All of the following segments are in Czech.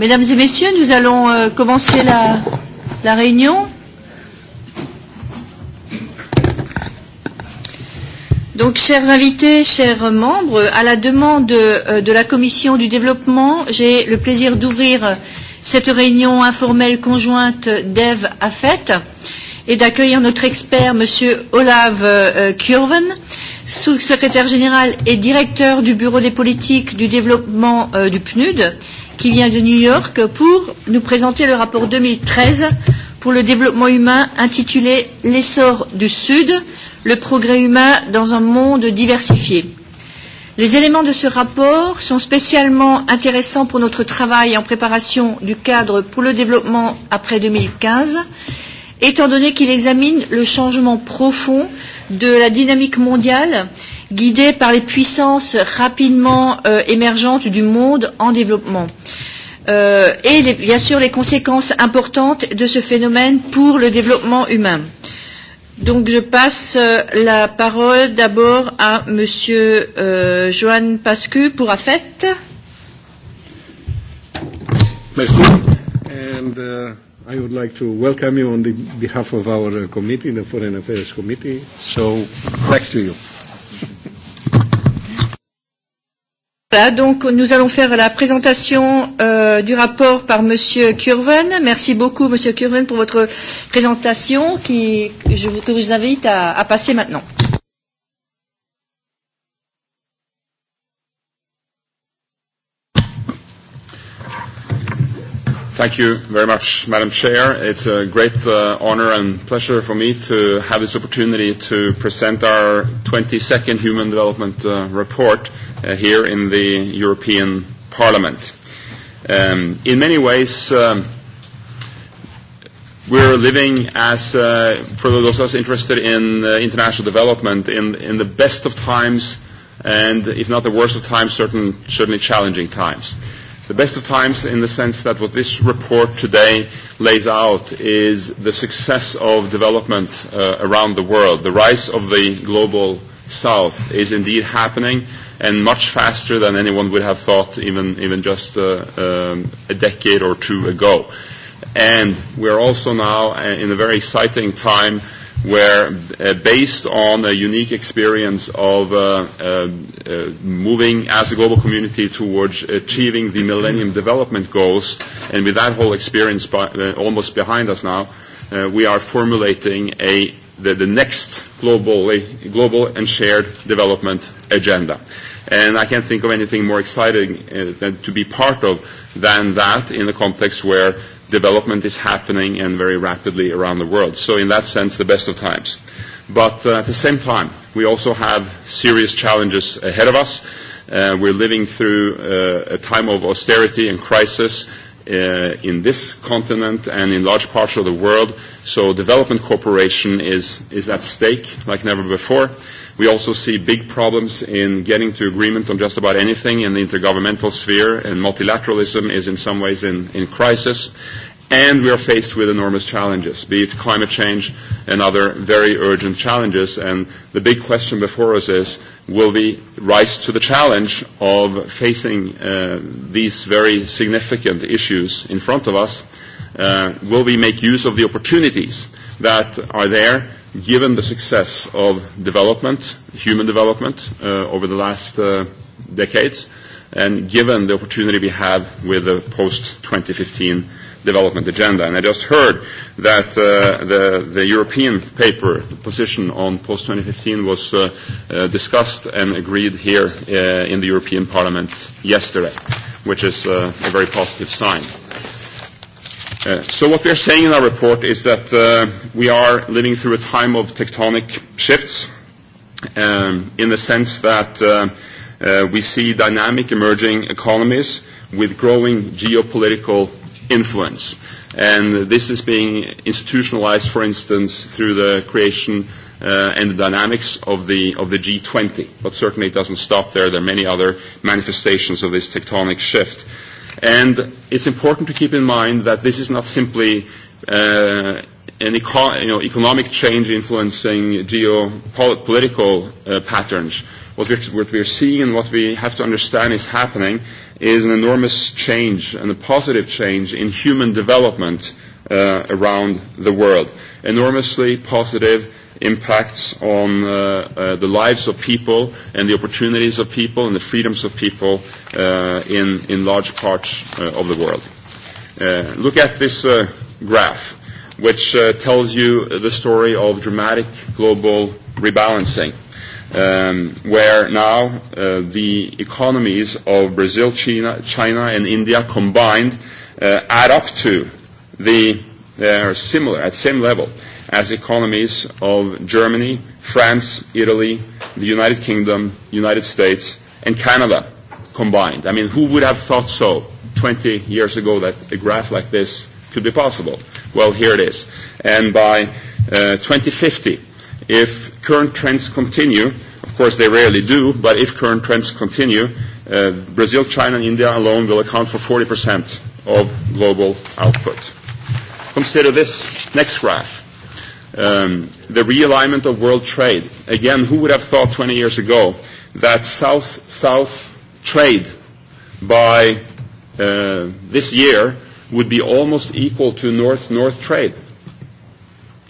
Mesdames et messieurs, nous allons euh, commencer la, la réunion. Donc, chers invités, chers membres, à la demande euh, de la Commission du développement, j'ai le plaisir d'ouvrir cette réunion informelle conjointe d'Ève Affette et d'accueillir notre expert, M. Olav euh, Kjurven, sous-secrétaire général et directeur du Bureau des politiques du développement euh, du PNUD Euh, qui vient de New York pour nous présenter le rapport 2013 pour le développement humain intitulé L'essor du Sud, le progrès humain dans un monde diversifié. Les éléments de ce rapport sont spécialement intéressants pour notre travail en préparation du cadre pour le développement après 2015, étant donné qu'il examine le changement profond de la dynamique mondiale guidée par les puissances rapidement euh, émergentes du monde en développement. Euh, et les, bien sûr les conséquences importantes de ce phénomène pour le développement humain. Donc je passe euh, la parole d'abord à M. euh, Johan Pascu pour AFET. Merci. And, uh... I would like to welcome you on the behalf of our uh, committee, the Foreign Affairs Committee. So, back to you. Voilà, donc nous allons faire la présentation euh, du rapport par Monsieur Curven. Merci beaucoup Monsieur Curven pour votre présentation qui, je, vous, que je vous invite à, à passer maintenant. Thank you very much, Madam Chair. It's a great uh, honor and pleasure for me to have this opportunity to present our 22nd Human Development uh, Report uh, here in the European Parliament. Um, in many ways, um, we're living as, uh, for those of us interested in uh, international development, in, in the best of times and, if not the worst of times, certain, certainly challenging times. Uh, the best of times in the sense that what this report today lays out is the success of development uh, around the world. The rise of the global south is indeed happening and much faster than anyone would have thought even, even just uh, um, a decade or two ago. And we're also now uh, in a very exciting time were uh, based on a unique experience of uh, uh, uh, moving as a global community towards achieving the Millennium Development Goals. And with that whole experience by, uh, almost behind us now, uh, we are formulating a, the, the next a global and shared development agenda. And I can't think of anything more exciting uh, than to be part of than that in a context where development is happening and very rapidly around the world. So in that sense, the best of times. But uh, at the same time, we also have serious challenges ahead of us. Uh, we're living through uh, a time of austerity and crisis uh, in this continent and in large parts of the world. So development cooperation is, is at stake like never before. We also see big problems in getting to agreement on just about anything in the intergovernmental sphere, and multilateralism is in some ways in, in crisis. And we are faced with enormous challenges, be it climate change and other very urgent challenges. And the big question before us is, will we rise to the challenge of facing uh, these very significant issues in front of us? Uh, will we make use of the opportunities that are there given the success of development, human development, uh, over the last uh, decades, and given the opportunity we have with the post-2015 development agenda. And I just heard that uh, the, the European paper the position on post-2015 was uh, uh, discussed and agreed here uh, in the European Parliament yesterday, which is uh, a very positive sign. Uh, so what we are saying in our report is that uh, we are living through a time of tectonic shifts um, in the sense that uh, uh, we see dynamic emerging economies with growing geopolitical influence. And this is being institutionalized, for instance, through the creation uh, and the dynamics of the, of the G20. But certainly it doesn't stop there. There are many other manifestations of this tectonic shift. Uh, And it's important to keep in mind that this is not simply uh, an eco- you know, economic change influencing geopolitical uh, patterns. What we're, what we're seeing and what we have to understand is happening is an enormous change and a positive change in human development uh, around the world. Enormously positive impacts on uh, uh, the lives of people and the opportunities of people and the freedoms of people uh, in, in large parts uh, of the world. Uh, look at this uh, graph, which uh, tells you the story of dramatic global rebalancing, um, where now uh, the economies of Brazil, China, China and India combined uh, add up to the, they uh, are similar, at same level as economies of Germany, France, Italy, the United Kingdom, United States, and Canada combined. I mean, who would have thought so 20 years ago that a graph like this could be possible? Well, here it is. And by uh, 2050, if current trends continue, of course they rarely do, but if current trends continue, uh, Brazil, China, and India alone will account for 40% of global output. Consider this next graph. Um, the realignment of world trade. Again, who would have thought 20 years ago that South-South trade by uh, this year would be almost equal to North-North trade?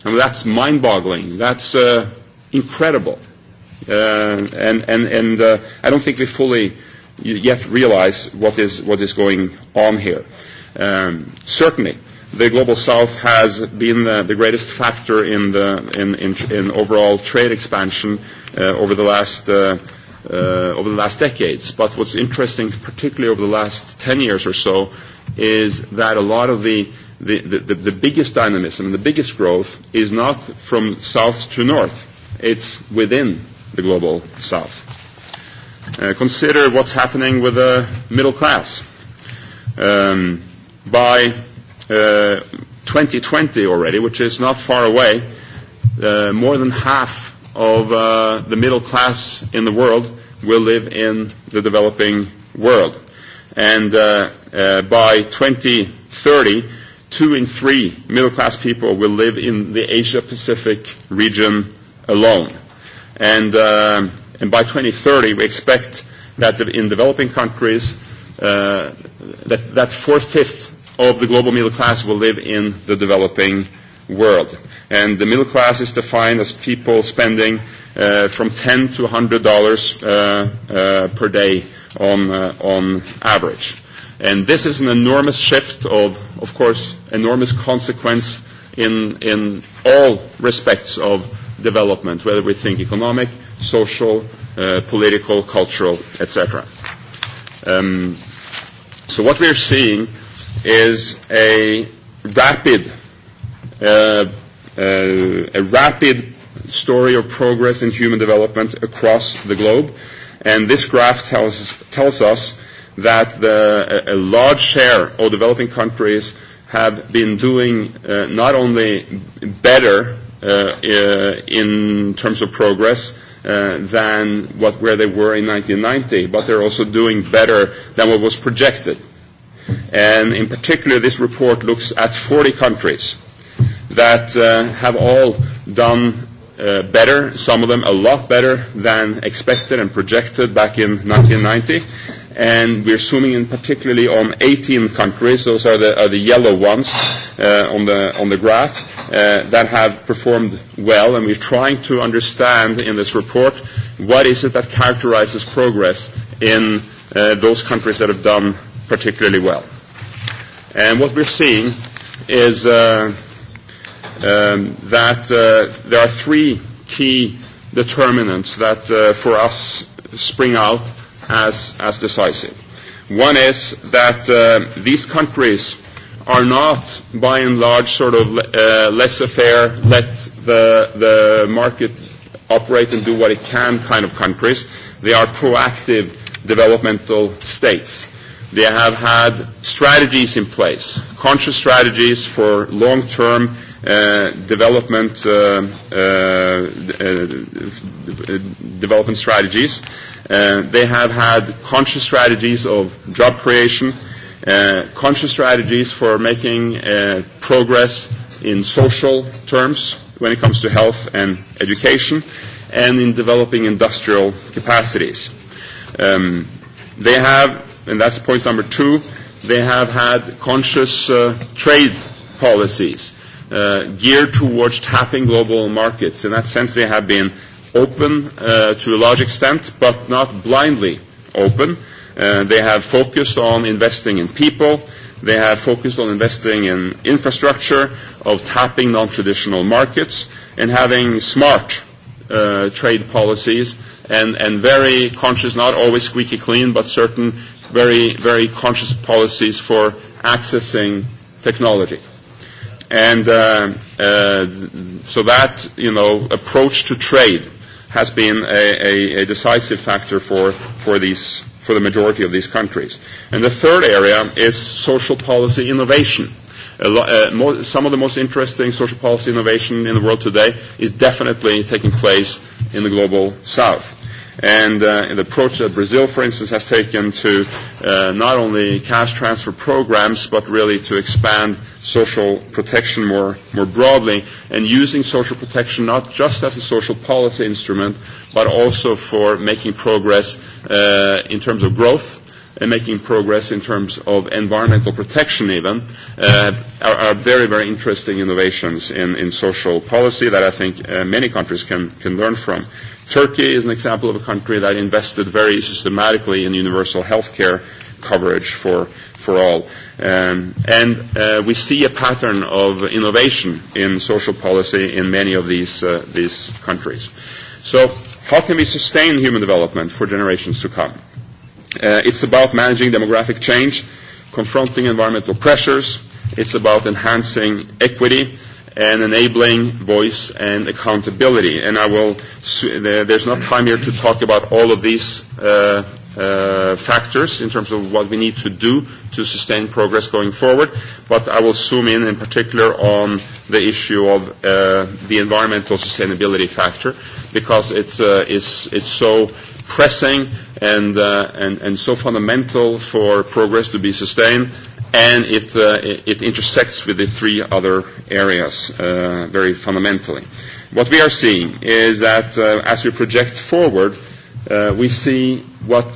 And that's mind-boggling. That's uh, incredible. Uh, and and, and uh, I don't think we fully yet realize what is, what is going on here. Um, certainly, the Global South has been the, the greatest factor in, the, in, in, in overall trade expansion uh, over the last uh, uh, over the last decades. But what's interesting, particularly over the last 10 years or so, is that a lot of the the, the, the biggest dynamism and the biggest growth is not from south to north. It's within the global south. Uh, consider what's happening with the middle class. Um, by 2020 uh, already, which is not far away, uh, more than half of uh, the middle class in the world will live in the developing world. And uh, uh, by 2030, two in three middle class people will live in the Asia Pacific region alone. And, uh, and by 2030, we expect that in developing countries, uh, that, that four fifth of the global middle class will live in the developing world. And the middle class is defined as people spending uh, from 10 to 100 dollars uh, uh, per day on, uh, on average. And this is an enormous shift of, of course, enormous consequence in, in all respects of development, whether we think economic, social, uh, political, cultural, etc. Um, so what we are seeing is a rapid uh, uh, a rapid story of progress in human development across the globe. And this graph tells, tells us that the, a, a large share of developing countries have been doing uh, not only better uh, uh, in terms of progress uh, than what, where they were in 1990, but they're also doing better than what was projected. And in particular, this report looks at 40 countries that uh, have all done uh, better, some of them a lot better than expected and projected back in 1990. And we're zooming in particularly on 18 countries, those are the, are the yellow ones uh, on, the, on the graph, uh, that have performed well. And we're trying to understand in this report what is it that characterizes progress in uh, those countries that have done particularly well. And what we're seeing is uh, um, that uh, there are three key determinants that uh, for us spring out as, as decisive. One is that uh, these countries are not, by and large, sort of uh, laissez-faire, let the, the market operate and do what it can kind of countries. They are proactive developmental states They have had strategies in place, conscious strategies for long-term uh, development uh, uh, uh, development strategies. Uh, they have had conscious strategies of job creation, uh, conscious strategies for making uh, progress in social terms when it comes to health and education, and in developing industrial capacities. Um, they have and that's point number two, they have had conscious uh, trade policies uh, geared towards tapping global markets. In that sense, they have been open uh, to a large extent, but not blindly open. Uh, they have focused on investing in people. They have focused on investing in infrastructure, of tapping non-traditional markets, and having smart uh, trade policies and, and very conscious, not always squeaky clean, but certain very, very conscious policies for accessing technology. And uh, uh, so that, you know, approach to trade has been a, a, a decisive factor for, for, these, for the majority of these countries. And the third area is social policy innovation Uh, some of the most interesting social policy innovation in the world today is definitely taking place in the global south. And uh, the approach that Brazil, for instance, has taken to uh, not only cash transfer programs, but really to expand social protection more, more broadly, and using social protection not just as a social policy instrument, but also for making progress uh, in terms of growth, uh, making progress in terms of environmental protection even, uh, are, are very, very interesting innovations in, in social policy that I think uh, many countries can, can learn from. Turkey is an example of a country that invested very systematically in universal health care coverage for, for all. Um, and uh, we see a pattern of innovation in social policy in many of these, uh, these countries. So how can we sustain human development for generations to come? Uh, it's about managing demographic change, confronting environmental pressures. It's about enhancing equity and enabling voice and accountability. And I will, there's not time here to talk about all of these uh, uh, factors in terms of what we need to do to sustain progress going forward, but I will zoom in in particular on the issue of uh, the environmental sustainability factor because it's, uh, it's, it's so pressing and, uh, and, and so fundamental for progress to be sustained, and it, uh, it intersects with the three other areas uh, very fundamentally. What we are seeing is that uh, as we project forward, uh, we see what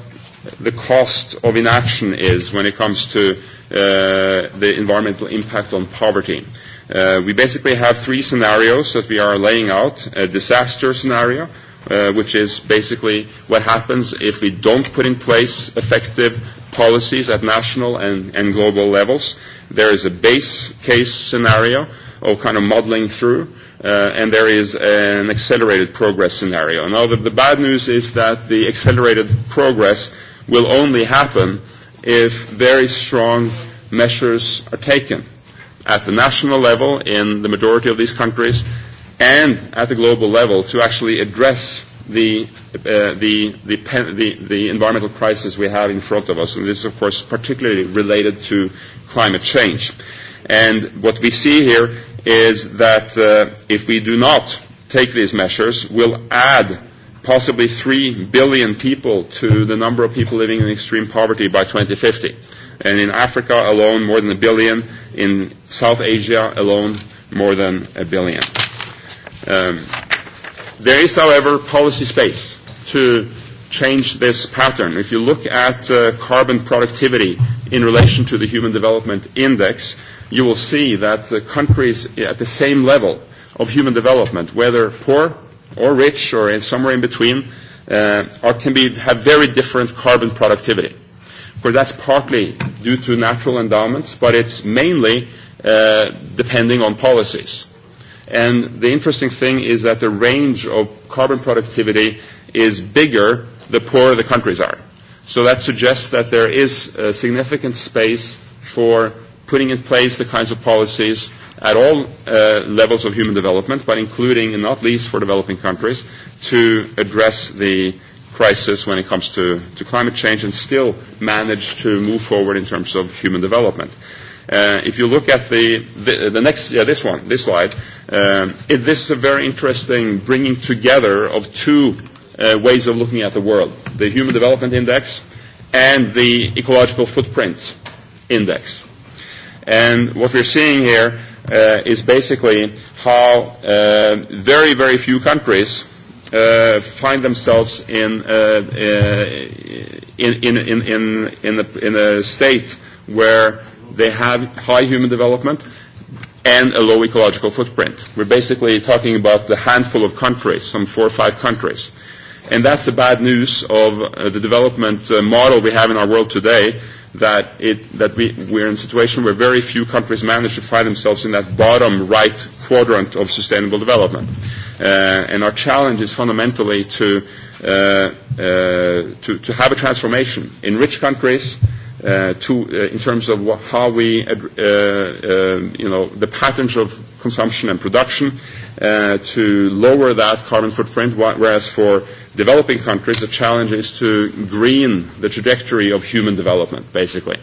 the cost of inaction is when it comes to uh, the environmental impact on poverty. Uh, we basically have three scenarios that we are laying out, a disaster scenario, uh, which is basically what happens if we don't put in place effective policies at national and, and global levels. There is a base case scenario of kind of modeling through, uh, and there is an accelerated progress scenario. Now, the, the bad news is that the accelerated progress will only happen if very strong measures are taken at the national level in the majority of these countries and at the global level to actually address the, uh, the, the, pen, the, the environmental crisis we have in front of us. And this is, of course, particularly related to climate change. And what we see here is that uh, if we do not take these measures, we'll add possibly 3 billion people to the number of people living in extreme poverty by 2050. And in Africa alone, more than a billion. In South Asia alone, more than a billion. Um, there is, however, policy space to change this pattern. If you look at uh, carbon productivity in relation to the Human Development Index, you will see that the countries at the same level of human development, whether poor or rich or in somewhere in between, uh, are, can be, have very different carbon productivity. Of course, that's partly due to natural endowments, but it's mainly uh, depending on policies. And the interesting thing is that the range of carbon productivity is bigger the poorer the countries are. So that suggests that there is a significant space for putting in place the kinds of policies at all uh, levels of human development, but including and not least for developing countries, to address the crisis when it comes to, to climate change and still manage to move forward in terms of human development. Uh, if you look at the, the, the next, yeah, this one, this slide, um, it, this is a very interesting bringing together of two uh, ways of looking at the world, the Human Development Index and the Ecological Footprint Index. And what we're seeing here uh, is basically how uh, very, very few countries uh, find themselves in, uh, uh, in, in, in, in, in, a, in a state where They have high human development and a low ecological footprint. We're basically talking about the handful of countries, some four or five countries. And that's the bad news of uh, the development uh, model we have in our world today, that, it, that we, we're in a situation where very few countries manage to find themselves in that bottom right quadrant of sustainable development. Uh, and our challenge is fundamentally to, uh, uh, to, to have a transformation in rich countries, uh, to, uh, in terms of what, how we, uh, uh, you know, the patterns of consumption and production uh, to lower that carbon footprint, whereas for developing countries, the challenge is to green the trajectory of human development, basically.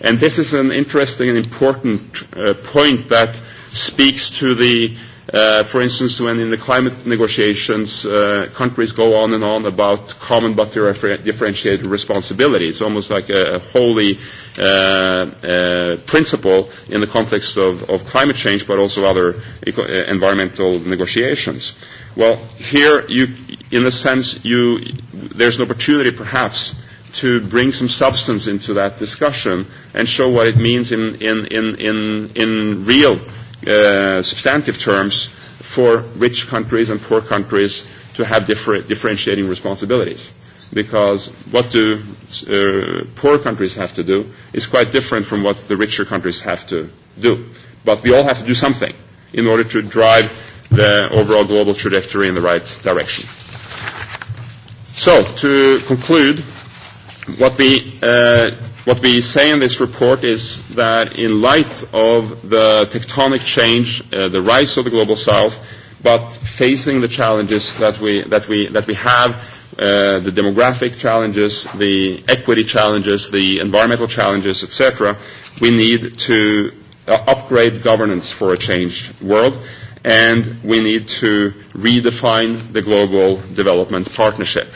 And this is an interesting and important uh, point that speaks to the Uh, for instance, when in the climate negotiations, uh, countries go on and on about common but differentiated responsibility. It's almost like a, a holy uh, uh, principle in the context of, of climate change, but also other eco- uh, environmental negotiations. Well, here, you, in a sense, you, there's an opportunity perhaps to bring some substance into that discussion and show what it means in, in, in, in, in real uh, substantive terms for rich countries and poor countries to have differ- differentiating responsibilities. Because what do uh, poor countries have to do is quite different from what the richer countries have to do. But we all have to do something in order to drive the overall global trajectory in the right direction. So, to conclude, what we uh, What we say in this report is that in light of the tectonic change, uh, the rise of the global south, but facing the challenges that we, that we, that we have, uh, the demographic challenges, the equity challenges, the environmental challenges, etc., we need to uh, upgrade governance for a changed world, and we need to redefine the global development partnership.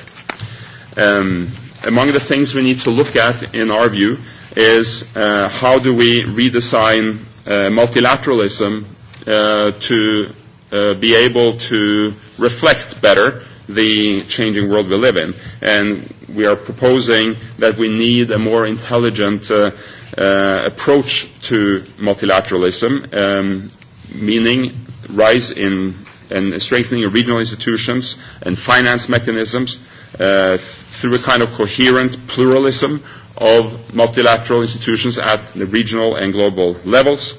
Um, among the things we need to look at, in our view, is uh, how do we redesign uh, multilateralism uh, to uh, be able to reflect better the changing world we live in. And we are proposing that we need a more intelligent uh, uh, approach to multilateralism, um, meaning rise in and strengthening of regional institutions and finance mechanisms Uh, through a kind of coherent pluralism of multilateral institutions at the regional and global levels.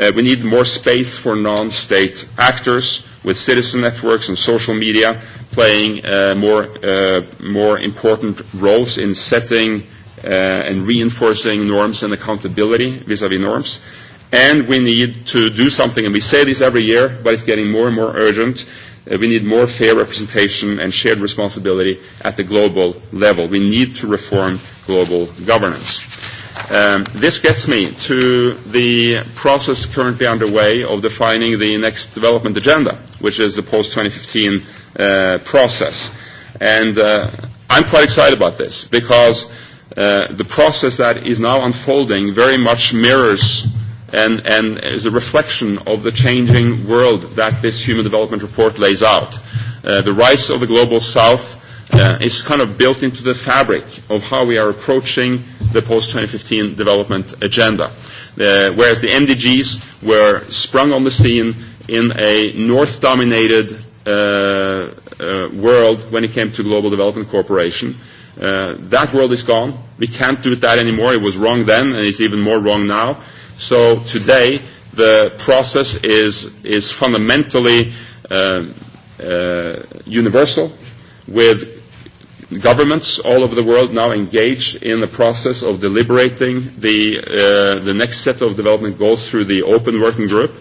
Uh, we need more space for non-state actors with citizen networks and social media playing uh, more, uh, more important roles in setting uh, and reinforcing norms and accountability vis-à-vis -vis norms. And we need to do something, and we say this every year, but it's getting more and more urgent, Uh, we need more fair representation and shared responsibility at the global level. We need to reform global governance. Um, this gets me to the process currently underway of defining the next development agenda, which is the post-2015 uh, process. And uh, I'm quite excited about this because uh, the process that is now unfolding very much mirrors uh, and, and is a reflection of the changing world that this Human Development Report lays out. Uh, the rise of the Global South uh, is kind of built into the fabric of how we are approaching the post-2015 development agenda. Uh, whereas the MDGs were sprung on the scene in a North-dominated uh, uh, world when it came to Global Development cooperation, Uh, that world is gone. We can't do that anymore. It was wrong then, and it's even more wrong now. So today, the process is, is fundamentally uh, uh, universal, with governments all over the world now engaged in the process of deliberating the, uh, the next set of development goals through the open working group,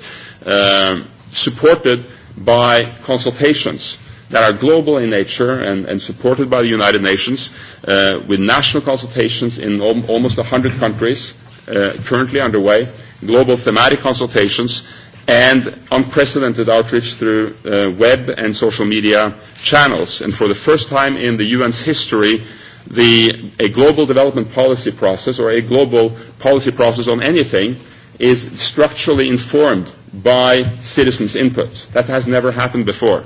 uh, supported by consultations that are global in nature and, and supported by the United Nations, uh, with national consultations in al- almost 100 countries uh, currently underway, global thematic consultations, and unprecedented outreach through uh, web and social media channels. And for the first time in the UN's history, the, a global development policy process or a global policy process on anything is structurally informed by citizens' input. That has never happened before.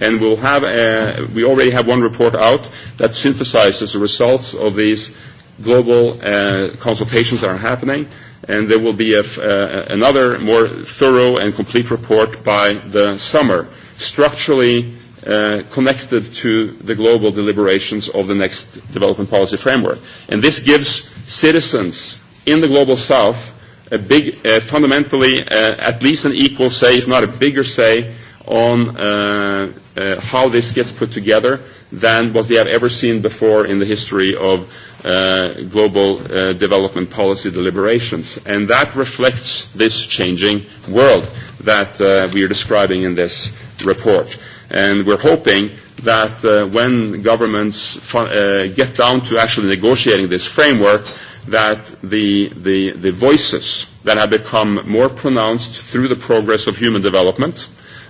And we'll have a, uh, we already have one report out that synthesizes the results of these global uh, consultations are happening, and there will be a, uh, another more thorough and complete report by the summer, structurally uh, connected to the global deliberations of the next development policy framework. And this gives citizens in the global south a big, uh, fundamentally, uh, at least an equal say, if not a bigger say, on uh, uh, how this gets put together than what we have ever seen before in the history of uh, global uh, development policy deliberations. And that reflects this changing world that uh, we are describing in this report. And we're hoping that uh, when governments uh, get down to actually negotiating this framework, that the, the, the voices that have become more pronounced through the progress of human development,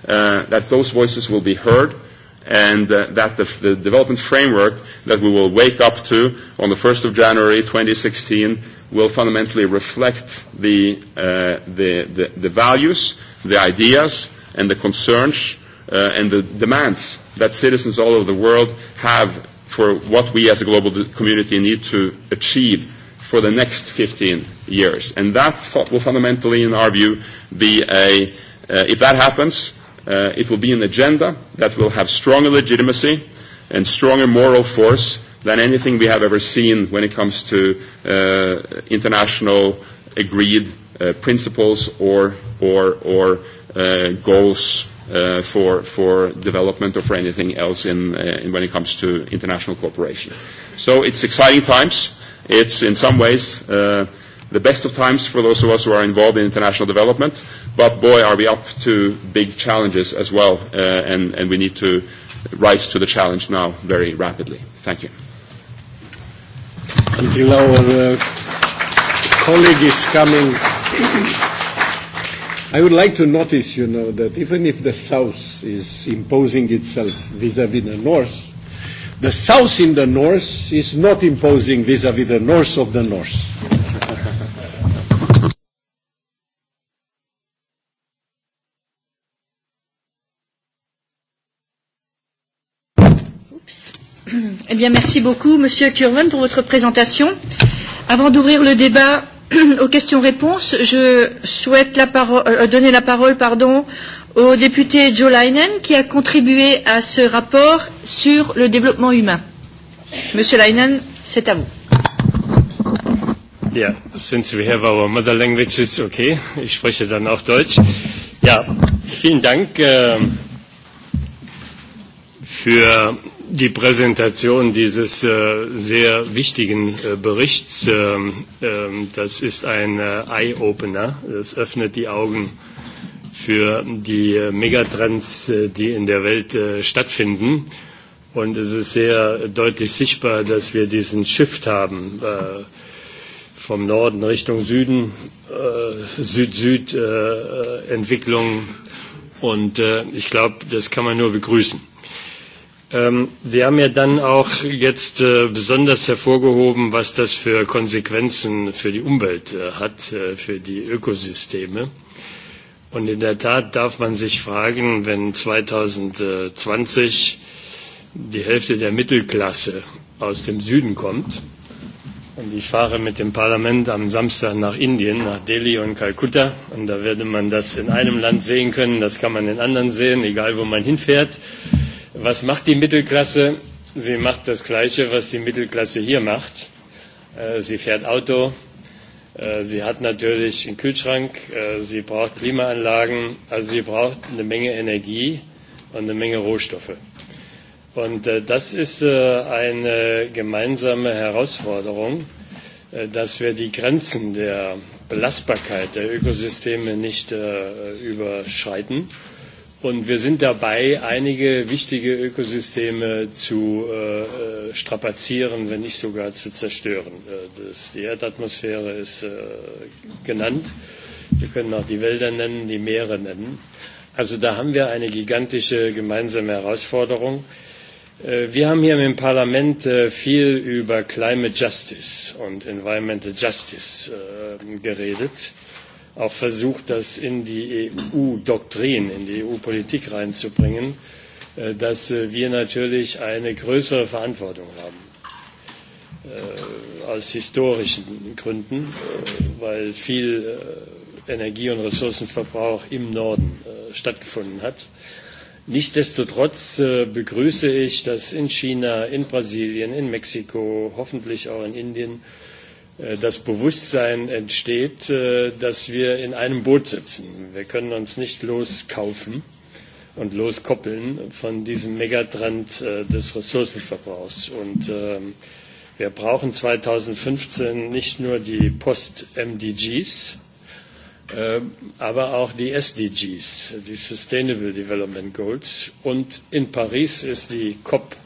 uh, that those voices will be heard, and uh, that the, the development framework that we will wake up to on the 1st of January 2016 will fundamentally reflect the, uh, the, the, the values, the ideas, and the concerns uh, and the demands that citizens all over the world have for what we as a global community need to achieve for the next 15 years. And that will fundamentally, in our view, be a, uh, if that happens, Uh, it will be an agenda that will have stronger legitimacy and stronger moral force than anything we have ever seen when it comes to uh, international agreed uh, principles or, or, or uh, goals uh, for, for development or for anything else in, uh, in when it comes to international cooperation. So it's exciting times. It's in some ways uh, the best of times for those of us who are involved in international development, but boy, are we up to big challenges as well, uh, and, and we need to rise to the challenge now very rapidly. Thank you. Until our uh, colleague is coming, I would like to notice, you know, that even if the South is imposing itself vis-à-vis -vis the North, the South in the North is not imposing vis-à-vis -vis the North of the North. bien, merci beaucoup, Monsieur Curven, pour votre présentation. Avant d'ouvrir le débat aux questions-réponses, je souhaite la euh, donner la parole pardon, au député Joe Leinen, qui a contribué à ce rapport sur le développement humain. Monsieur Leinen, c'est à vous. Yeah, since we have our mother languages, okay. Ich spreche dann auch Deutsch. Ja, vielen Dank äh, für die Präsentation dieses äh, sehr wichtigen äh, Berichts. Ähm, ähm, das ist ein äh, Eye-Opener. Das öffnet die Augen für die äh, Megatrends, äh, die in der Welt äh, stattfinden. Und es ist sehr deutlich sichtbar, dass wir diesen Shift haben äh, vom Norden Richtung Süden, äh, Süd-Süd-Entwicklung. Äh, äh Und äh, ich glaube, das kann man nur begrüßen. Ähm, Sie haben ja dann auch jetzt äh, besonders hervorgehoben, was das für Konsequenzen für die Umwelt äh, hat, äh, für die Ökosysteme. Und in der Tat darf man sich fragen, wenn 2020 die Hälfte der Mittelklasse aus dem Süden kommt, und ich fahre mit dem Parlament am Samstag nach Indien, nach Delhi und Kalkutta, und da werde man das in einem Land sehen können, das kann man in anderen sehen, egal wo man hinfährt. Was macht die Mittelklasse? Sie macht das Gleiche, was die Mittelklasse hier macht. Äh, sie fährt Auto, äh, sie hat natürlich einen Kühlschrank, äh, sie braucht Klimaanlagen, also sie braucht eine Menge Energie und eine Menge Rohstoffe. Und das ist eine gemeinsame Herausforderung, dass wir die Grenzen der Belastbarkeit der Ökosysteme nicht überschreiten. Und wir sind dabei, einige wichtige Ökosysteme zu äh, äh strapazieren, wenn nicht sogar zu zerstören. Äh, das, die Erdatmosphäre ist äh, genannt. Wir können auch die Wälder nennen, die Meere nennen. Also da haben wir eine gigantische gemeinsame Herausforderung. Äh, wir haben hier im Parlament viel über Climate Justice und Environmental Justice geredet auch versucht, das in die EU-Doktrin, in die EU-Politik reinzubringen, äh, dass äh, wir natürlich eine größere Verantwortung haben. Äh, aus historischen Gründen, weil viel Energie- und Ressourcenverbrauch im Norden stattgefunden hat. Nichtsdestotrotz begrüße ich, dass in China, in Brasilien, in Mexiko, hoffentlich auch in Indien Äh, das Bewusstsein entsteht, äh, dass wir in einem Boot sitzen. Wir können uns nicht loskaufen und loskoppeln von diesem Megatrend äh, des Ressourcenverbrauchs. Und ähm, wir brauchen 2015 nicht nur die Post-MDGs, aber auch die SDGs, die Sustainable Development Goals. Und in Paris ist die COP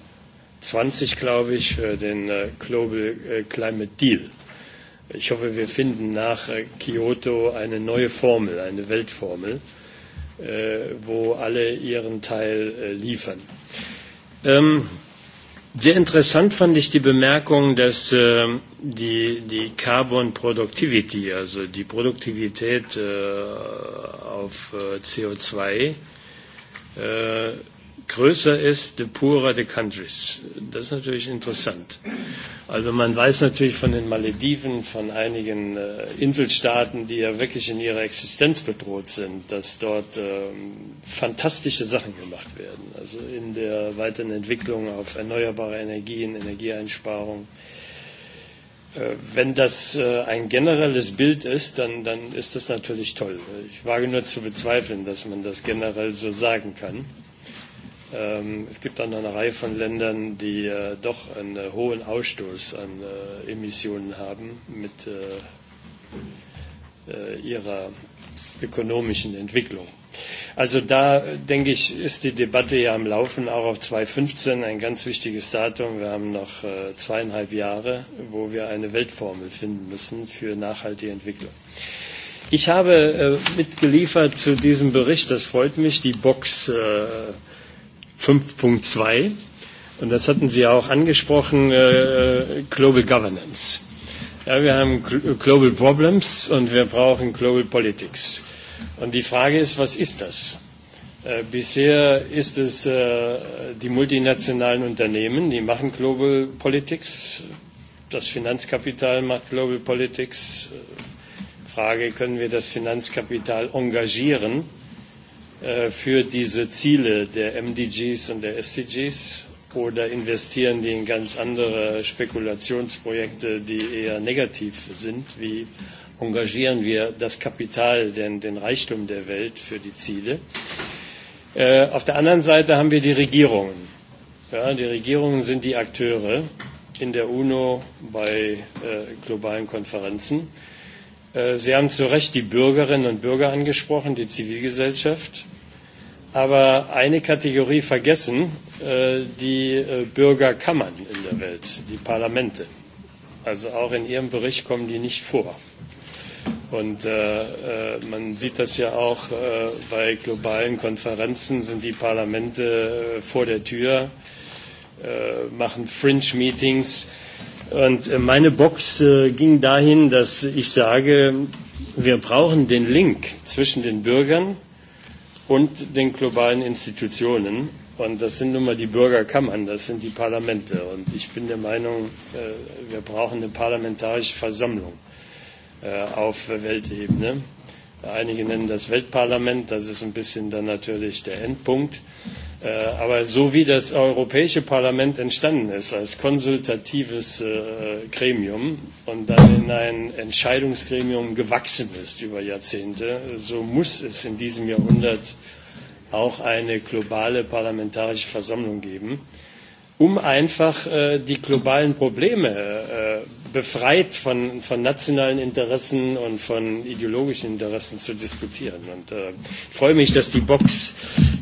20, glaube ich, für den Global Climate Deal Ich hoffe, wir finden nach äh, Kyoto eine neue Formel, eine Weltformel, äh, wo alle ihren Teil äh, liefern. Ähm, sehr interessant fand ich die Bemerkung, dass ähm, die, die Carbon Productivity, also die Produktivität auf CO2, größer ist, the poorer the countries. Das ist natürlich interessant. Also man weiß natürlich von den Malediven, von einigen äh, Inselstaaten, die ja wirklich in ihrer Existenz bedroht sind, dass dort ähm, fantastische Sachen gemacht werden. Also in der weiteren Entwicklung auf erneuerbare Energien, Energieeinsparung. Äh, wenn das äh, ein generelles Bild ist, dann, dann ist das natürlich toll. Ich wage nur zu bezweifeln, dass man das generell so sagen kann. Ähm, es gibt dann eine Reihe von Ländern, die äh, doch einen äh, hohen Ausstoß an äh, Emissionen haben mit ihrer ökonomischen Entwicklung. Also da, denke ich, ist die Debatte ja am Laufen, auch auf 2015 ein ganz wichtiges Datum. Wir haben noch zweieinhalb Jahre, wo wir eine Weltformel finden müssen für nachhaltige Entwicklung. Ich habe mitgeliefert zu diesem Bericht, das freut mich, die Box 5.2. Und das hatten Sie auch angesprochen, äh, Global Governance. Ja, wir haben äh, Global Problems und wir brauchen Global Politics. Und die Frage ist, was ist das? Äh, bisher ist es äh, die multinationalen Unternehmen, die machen Global Politics. Das Finanzkapital macht Global Politics. Äh, Frage, können wir das Finanzkapital engagieren? Äh, Äh, für diese Ziele der MDGs und der SDGs oder investieren die in ganz andere Spekulationsprojekte, die eher negativ sind? Wie engagieren wir das Kapital, denn den Reichtum der Welt für die Ziele? Äh, auf der anderen Seite haben wir die Regierungen. Ja, die Regierungen sind die Akteure in der UNO bei äh, globalen Konferenzen. Äh, Äh, Sie haben zu Recht die Bürgerinnen und Bürger angesprochen, die Zivilgesellschaft, aber eine Kategorie vergessen, äh, die äh, Bürgerkammern in der Welt, die Parlamente. Also auch in Ihrem Bericht kommen die nicht vor. Und äh, man sieht das ja auch äh, bei globalen Konferenzen, sind die Parlamente äh, vor der Tür, äh, machen Fringe-Meetings. Äh, Und äh, meine Box äh, ging dahin, dass ich sage, wir brauchen den Link zwischen den Bürgern und den globalen Institutionen. Und das sind nun mal die Bürgerkammern, das sind die Parlamente. Und ich bin der Meinung, äh, wir brauchen eine parlamentarische Versammlung auf Weltebene. Einige nennen das Weltparlament, das ist ein bisschen dann natürlich der Endpunkt. Äh, aber so wie das Europäische Parlament entstanden ist als konsultatives äh, Gremium und dann in ein Entscheidungsgremium gewachsen ist über Jahrzehnte, so muss es in diesem Jahrhundert auch eine globale parlamentarische Versammlung geben, um einfach äh, die globalen Probleme äh, befreit von, von nationalen Interessen und von ideologischen Interessen zu diskutieren. Und äh, ich freue mich, dass die Box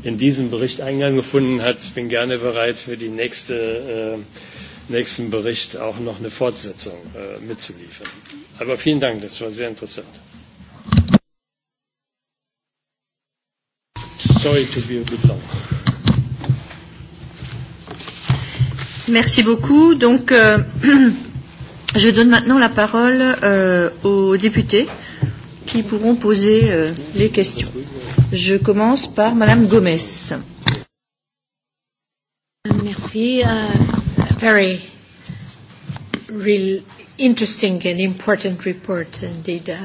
in diesem Bericht Eingang gefunden hat. Ich bin gerne bereit, für den nächste, äh, nächsten Bericht auch noch eine Fortsetzung äh, mitzuliefern. Aber vielen Dank, das war sehr interessant. Sorry to be a bit long. Merci beaucoup. Donc, euh, Je donne maintenant la parole euh, aux députés qui pourront poser euh, les questions. Je commence par Madame Gomez. Merci. Uh, very real interesting and important report indeed, uh,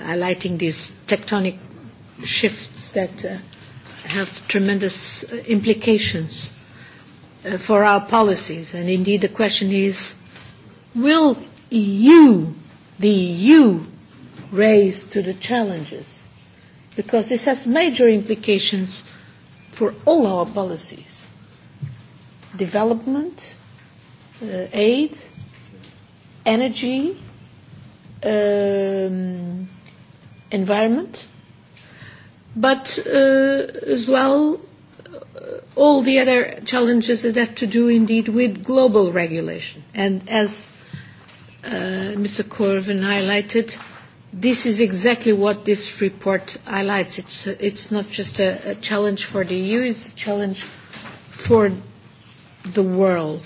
highlighting these tectonic shifts that uh, have tremendous uh, implications uh, for our policies. And indeed, the question is will you, the EU, raise to the challenges? Because this has major implications for all our policies. Development, uh, aid, energy, um, environment, but uh, as well uh, all the other challenges that have to do indeed with global regulation. And as Uh, Mr. Corvin highlighted, this is exactly what this report highlights. It's, it's not just a, a challenge for the EU, it's a challenge for the world.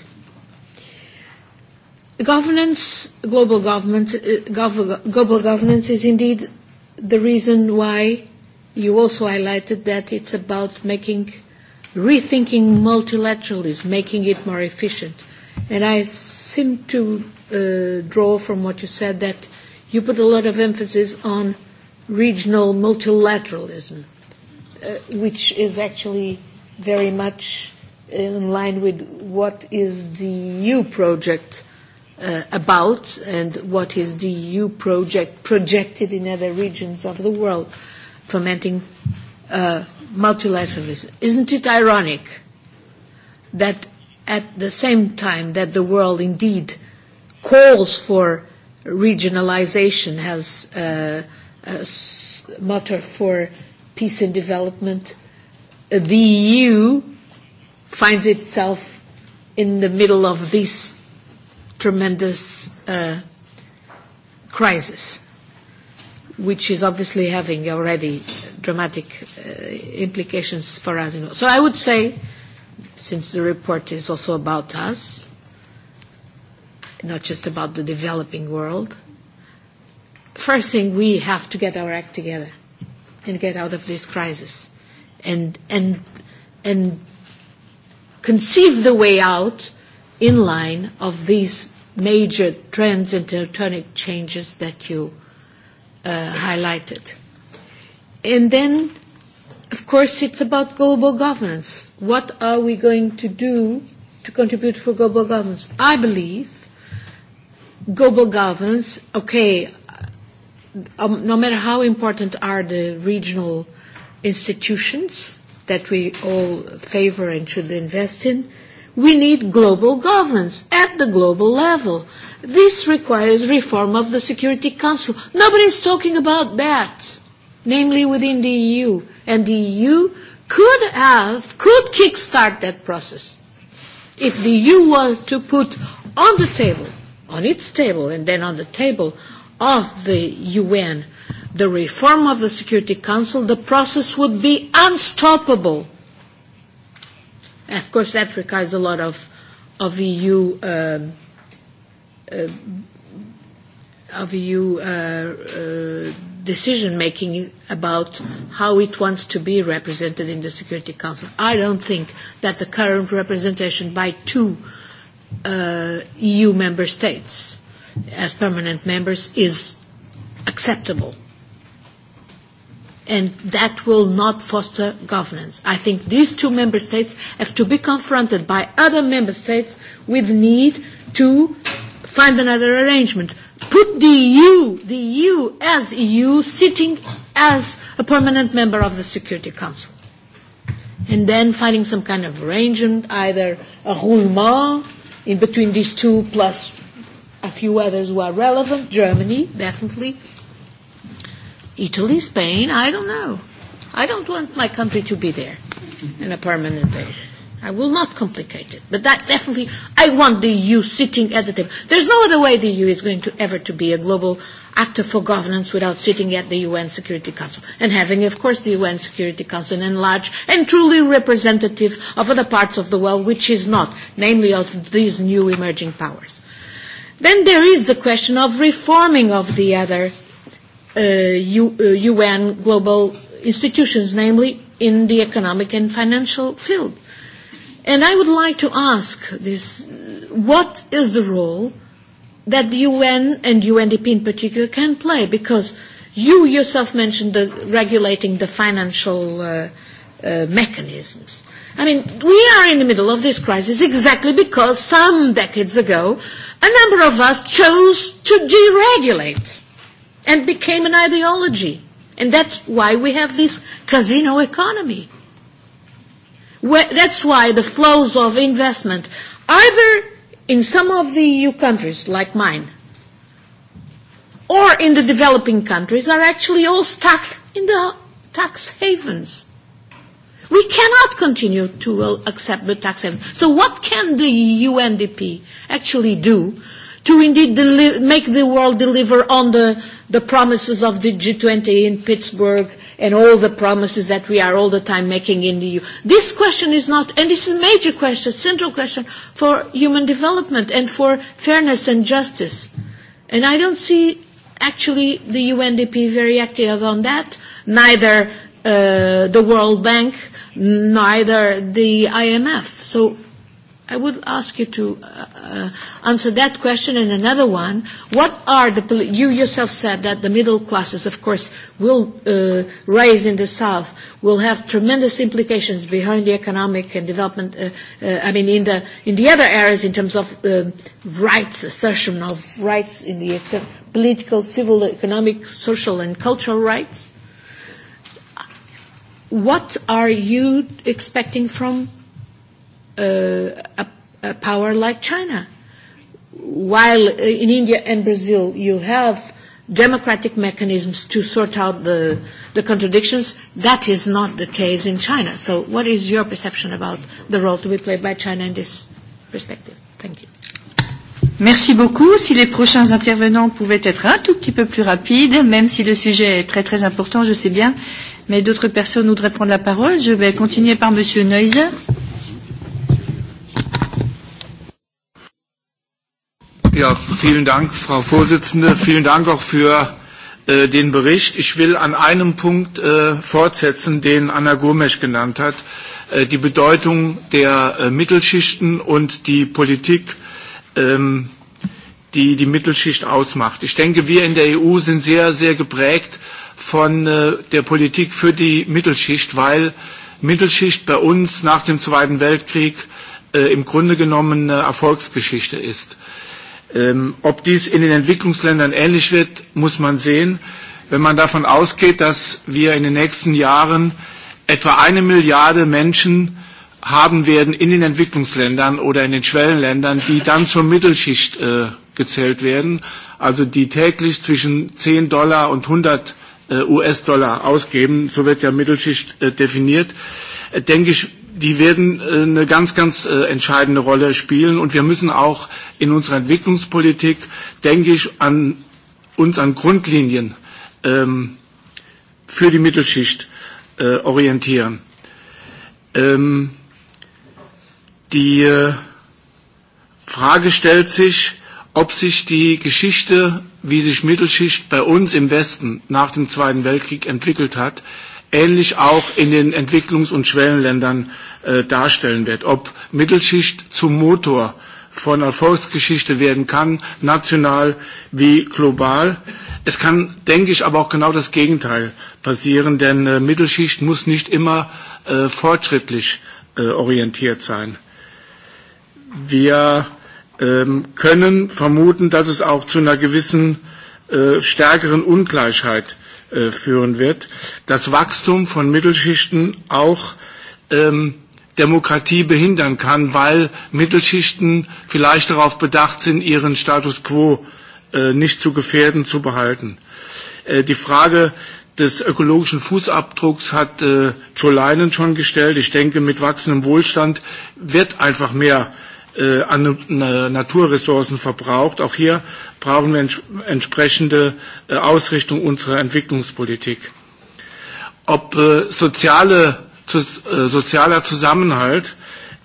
Governance, global, government, uh, gov- global governance is indeed the reason why you also highlighted that it's about making, rethinking multilateralism, making it more efficient. And I seem to uh, draw from what you said that you put a lot of emphasis on regional multilateralism, uh, which is actually very much in line with what is the EU project uh, about and what is the EU project projected in other regions of the world, fomenting uh, multilateralism. Isn't it ironic that at the same time that the world indeed calls for regionalization as uh, a motto for peace and development. The EU finds itself in the middle of this tremendous uh, crisis, which is obviously having already dramatic uh, implications for us. So I would say, since the report is also about us, not just about the developing world. First thing, we have to get our act together and get out of this crisis and, and, and conceive the way out in line of these major trends and tectonic changes that you uh, highlighted. And then, of course, it's about global governance. What are we going to do to contribute for global governance? I believe global governance, okay, um, no matter how important are the regional institutions that we all favor and should invest in, we need global governance at the global level. This requires reform of the Security Council. Nobody is talking about that, namely within the EU. And the EU could have, could kickstart that process if the EU were to put on the table on its table and then on the table of the UN the reform of the Security Council, the process would be unstoppable. Of course, that requires a lot of, of EU, um, uh, e uh, uh, of EU uh, uh, decision making about how it wants to be represented in the Security Council. I don't think that the current representation by two uh, uh, EU member states as permanent members is acceptable. And that will not foster governance. I think these two member states have to be confronted by other member states with need to find another arrangement. Put the EU, the EU as EU, sitting as a permanent member of the Security Council. And then finding some kind of arrangement, either a roulement, in between these two, plus a few others who are relevant, Germany, definitely, Italy, Spain, I don't know. I don't want my country to be there in a permanent basis. I will not complicate it. But that definitely, I want the EU sitting at the table. There's no other way the EU is going to ever to be a global actor for governance without sitting at the UN Security Council and having, of course, the UN Security Council an enlarged and truly representative of other parts of the world, which is not, namely of these new emerging powers. Then there is the question of reforming of the other uh, U, uh, UN global institutions, namely in the economic and financial field. And I would like to ask this, what is the role that the UN and UNDP in particular can play? Because you yourself mentioned the regulating the financial uh, uh, mechanisms. I mean, we are in the middle of this crisis exactly because some decades ago, a number of us chose to deregulate and became an ideology. And that's why we have this casino economy that's why the flows of investment, either in some of the EU countries, like mine, or in the developing countries, are actually all stuck in the tax havens. We cannot continue to accept the tax havens. So what can the e UNDP actually do to indeed make the world deliver on the, the promises of the G20 in Pittsburgh and all the promises that we are all the time making in the EU. This question is not, and this is a major question, central question for human development and for fairness and justice. And I don't see actually the UNDP very active on that, neither uh, the World Bank, neither the IMF. So i would ask you to uh, uh, answer that question and another one. What are the, poli- you yourself said that the middle classes, of course, will uh, rise in the South, will have tremendous implications behind the economic and development, uh, uh, I mean, in the, in the other areas in terms of uh, rights, assertion of rights in the political, civil, economic, social, and cultural rights. What are you expecting from Uh, a, a power like China. While uh, in India and Brazil you have democratic mechanisms to sort out the, the contradictions. That is not the case in China. So what is your perception about the role to be played by China in this perspective? Thank you. Merci beaucoup. Si les prochains intervenants pouvaient être un tout petit peu plus rapides, même si le sujet est très très important, je sais bien, mais d'autres personnes voudraient prendre la parole. Je vais continuer par Monsieur Neuser. Merci. Ja, vielen Dank, Frau Vorsitzende. Vielen Dank auch für äh, den Bericht. Ich will an einem Punkt äh, fortsetzen, den Anna Gomes genannt hat, äh, die Bedeutung der äh, Mittelschichten und die Politik, ähm, die die Mittelschicht ausmacht. Ich denke, wir in der EU sind sehr, sehr geprägt von äh, der Politik für die Mittelschicht, weil Mittelschicht bei uns nach dem Zweiten Weltkrieg äh, im Grunde genommen eine Erfolgsgeschichte ist. Äh, Ähm, ob dies in den Entwicklungsländern ähnlich wird, muss man sehen. Wenn man davon ausgeht, dass wir in den nächsten Jahren etwa eine Milliarde Menschen haben werden in den Entwicklungsländern oder in den Schwellenländern, die dann zur Mittelschicht äh, gezählt werden, also die täglich zwischen 10 Dollar und 100 äh, US-Dollar ausgeben, so wird ja Mittelschicht äh, definiert, äh, denke ich, die werden äh, eine ganz, ganz äh, entscheidende Rolle spielen. Und wir müssen auch in unserer Entwicklungspolitik, denke ich, an uns an Grundlinien ähm, für die Mittelschicht äh, orientieren. Ähm, die äh, Frage stellt sich, ob sich die Geschichte, wie sich Mittelschicht bei uns im Westen nach dem Zweiten Weltkrieg entwickelt hat, ähnlich auch in den Entwicklungs- und Schwellenländern äh, darstellen wird. Ob Mittelschicht zum Motor von Erfolgsgeschichte werden kann, national wie global. Es kann, denke ich, aber auch genau das Gegenteil passieren, denn äh, Mittelschicht muss nicht immer äh, fortschrittlich äh, orientiert sein. Wir ähm, können vermuten, dass es auch zu einer gewissen äh, stärkeren Ungleichheit äh, Äh, führen wird, das Wachstum von Mittelschichten auch ähm, Demokratie behindern kann, weil Mittelschichten vielleicht darauf bedacht sind, ihren Status quo äh, nicht zu gefährden, zu behalten. Äh, die Frage des ökologischen Fußabdrucks hat äh, Joe Leinen schon gestellt. Ich denke, mit wachsendem Wohlstand wird einfach mehr äh, äh, an äh, Naturressourcen verbraucht. Auch hier brauchen wir ents entsprechende äh, Ausrichtung unserer Entwicklungspolitik. Ob äh, soziale, zu, äh, sozialer Zusammenhalt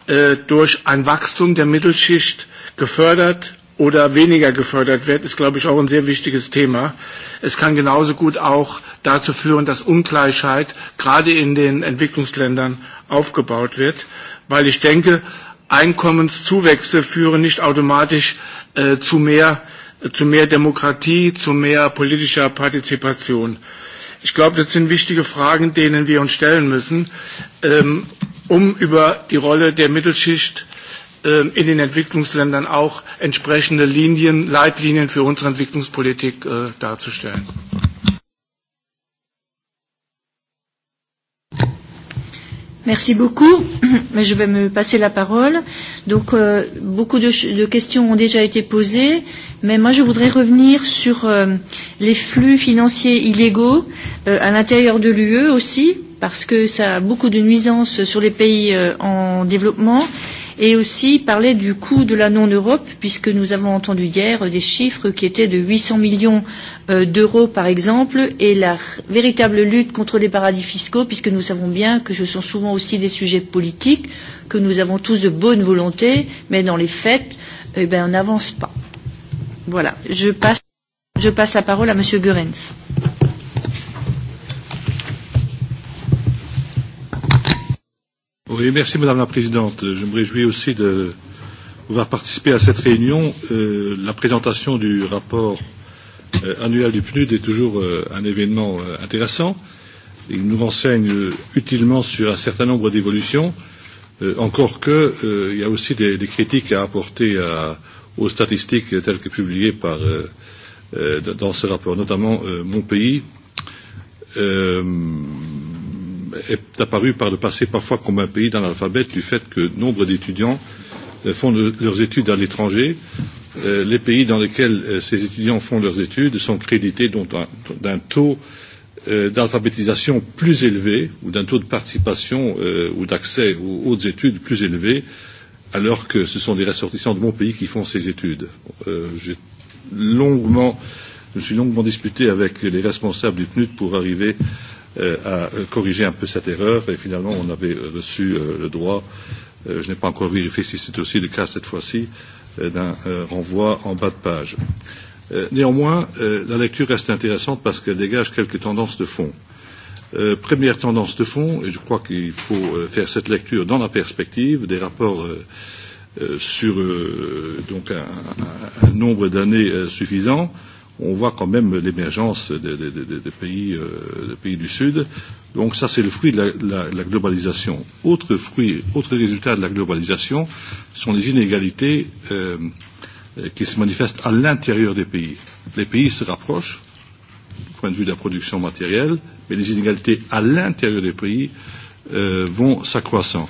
äh, durch ein Wachstum der Mittelschicht gefördert oder weniger gefördert wird, ist, glaube ich, auch ein sehr wichtiges Thema. Es kann genauso gut auch dazu führen, dass Ungleichheit gerade in den Entwicklungsländern aufgebaut wird, weil ich denke, Einkommenszuwächse führen nicht automatisch äh, zu, mehr, äh, zu mehr Demokratie, zu mehr politischer Partizipation. Ich glaube, das sind wichtige Fragen, denen wir uns stellen müssen, ähm, um über die Rolle der Mittelschicht ähm, in den Entwicklungsländern auch entsprechende Linien, Leitlinien für unsere Entwicklungspolitik äh, darzustellen. Merci beaucoup. Je vais me passer la parole. Donc, euh, beaucoup de, de questions ont déjà été posées, mais moi, je voudrais revenir sur euh, les flux financiers illégaux euh, à l'intérieur de l'UE aussi, parce que ça a beaucoup de nuisances sur les pays euh, en développement et aussi parler du coût de la non-Europe, puisque nous avons entendu hier des chiffres qui étaient de 800 millions euh, d'euros, par exemple, et la véritable lutte contre les paradis fiscaux, puisque nous savons bien que ce sont souvent aussi des sujets politiques, que nous avons tous de bonne volonté, mais dans les faits, eh ben, on n'avance pas. Voilà, je passe, je passe la parole à Monsieur Goerens. Oui, merci Madame la Présidente. Je me réjouis aussi de pouvoir participer à cette réunion. Euh, la présentation du rapport euh, annuel du PNUD est toujours euh, un événement euh, intéressant. Il nous renseigne euh, utilement sur un certain nombre d'évolutions, euh, encore qu'il euh, y a aussi des, des critiques à apporter à, aux statistiques telles que publiées par, euh, euh, dans ce rapport, notamment euh, mon pays. Euh, est apparu par le passé parfois comme un pays dans l'alphabet du fait que nombre d'étudiants euh, font le, leurs études à l'étranger. Euh, les pays dans lesquels euh, ces étudiants font leurs études sont crédités d'un taux euh, d'alphabétisation plus élevé ou d'un taux de participation euh, ou d'accès aux hautes études plus élevé, alors que ce sont des ressortissants de mon pays qui font ces études. Euh, longuement, je me suis longuement disputé avec les responsables du PNUD pour arriver euh, euh, à corriger un peu cette erreur. Et finalement, on avait euh, reçu euh, le droit, euh, je n'ai pas encore vérifié si c'est aussi le cas cette fois-ci, euh, d'un euh, renvoi en bas de page. Euh, néanmoins, euh, la lecture reste intéressante parce qu'elle dégage quelques tendances de fond. Euh, première tendance de fond, et je crois qu'il faut euh, faire cette lecture dans la perspective des rapports euh, euh, sur euh, donc un, un, un nombre d'années euh, suffisant, euh, on voit quand même l'émergence des, des, des, des, pays, euh, des pays du Sud. Donc ça, c'est le fruit de la, la, la globalisation. Autre fruit, autre résultat de la globalisation sont les inégalités euh, qui se manifestent à l'intérieur des pays. Les pays se rapprochent du point de vue de la production matérielle, mais les inégalités à l'intérieur des pays euh, vont s'accroissant.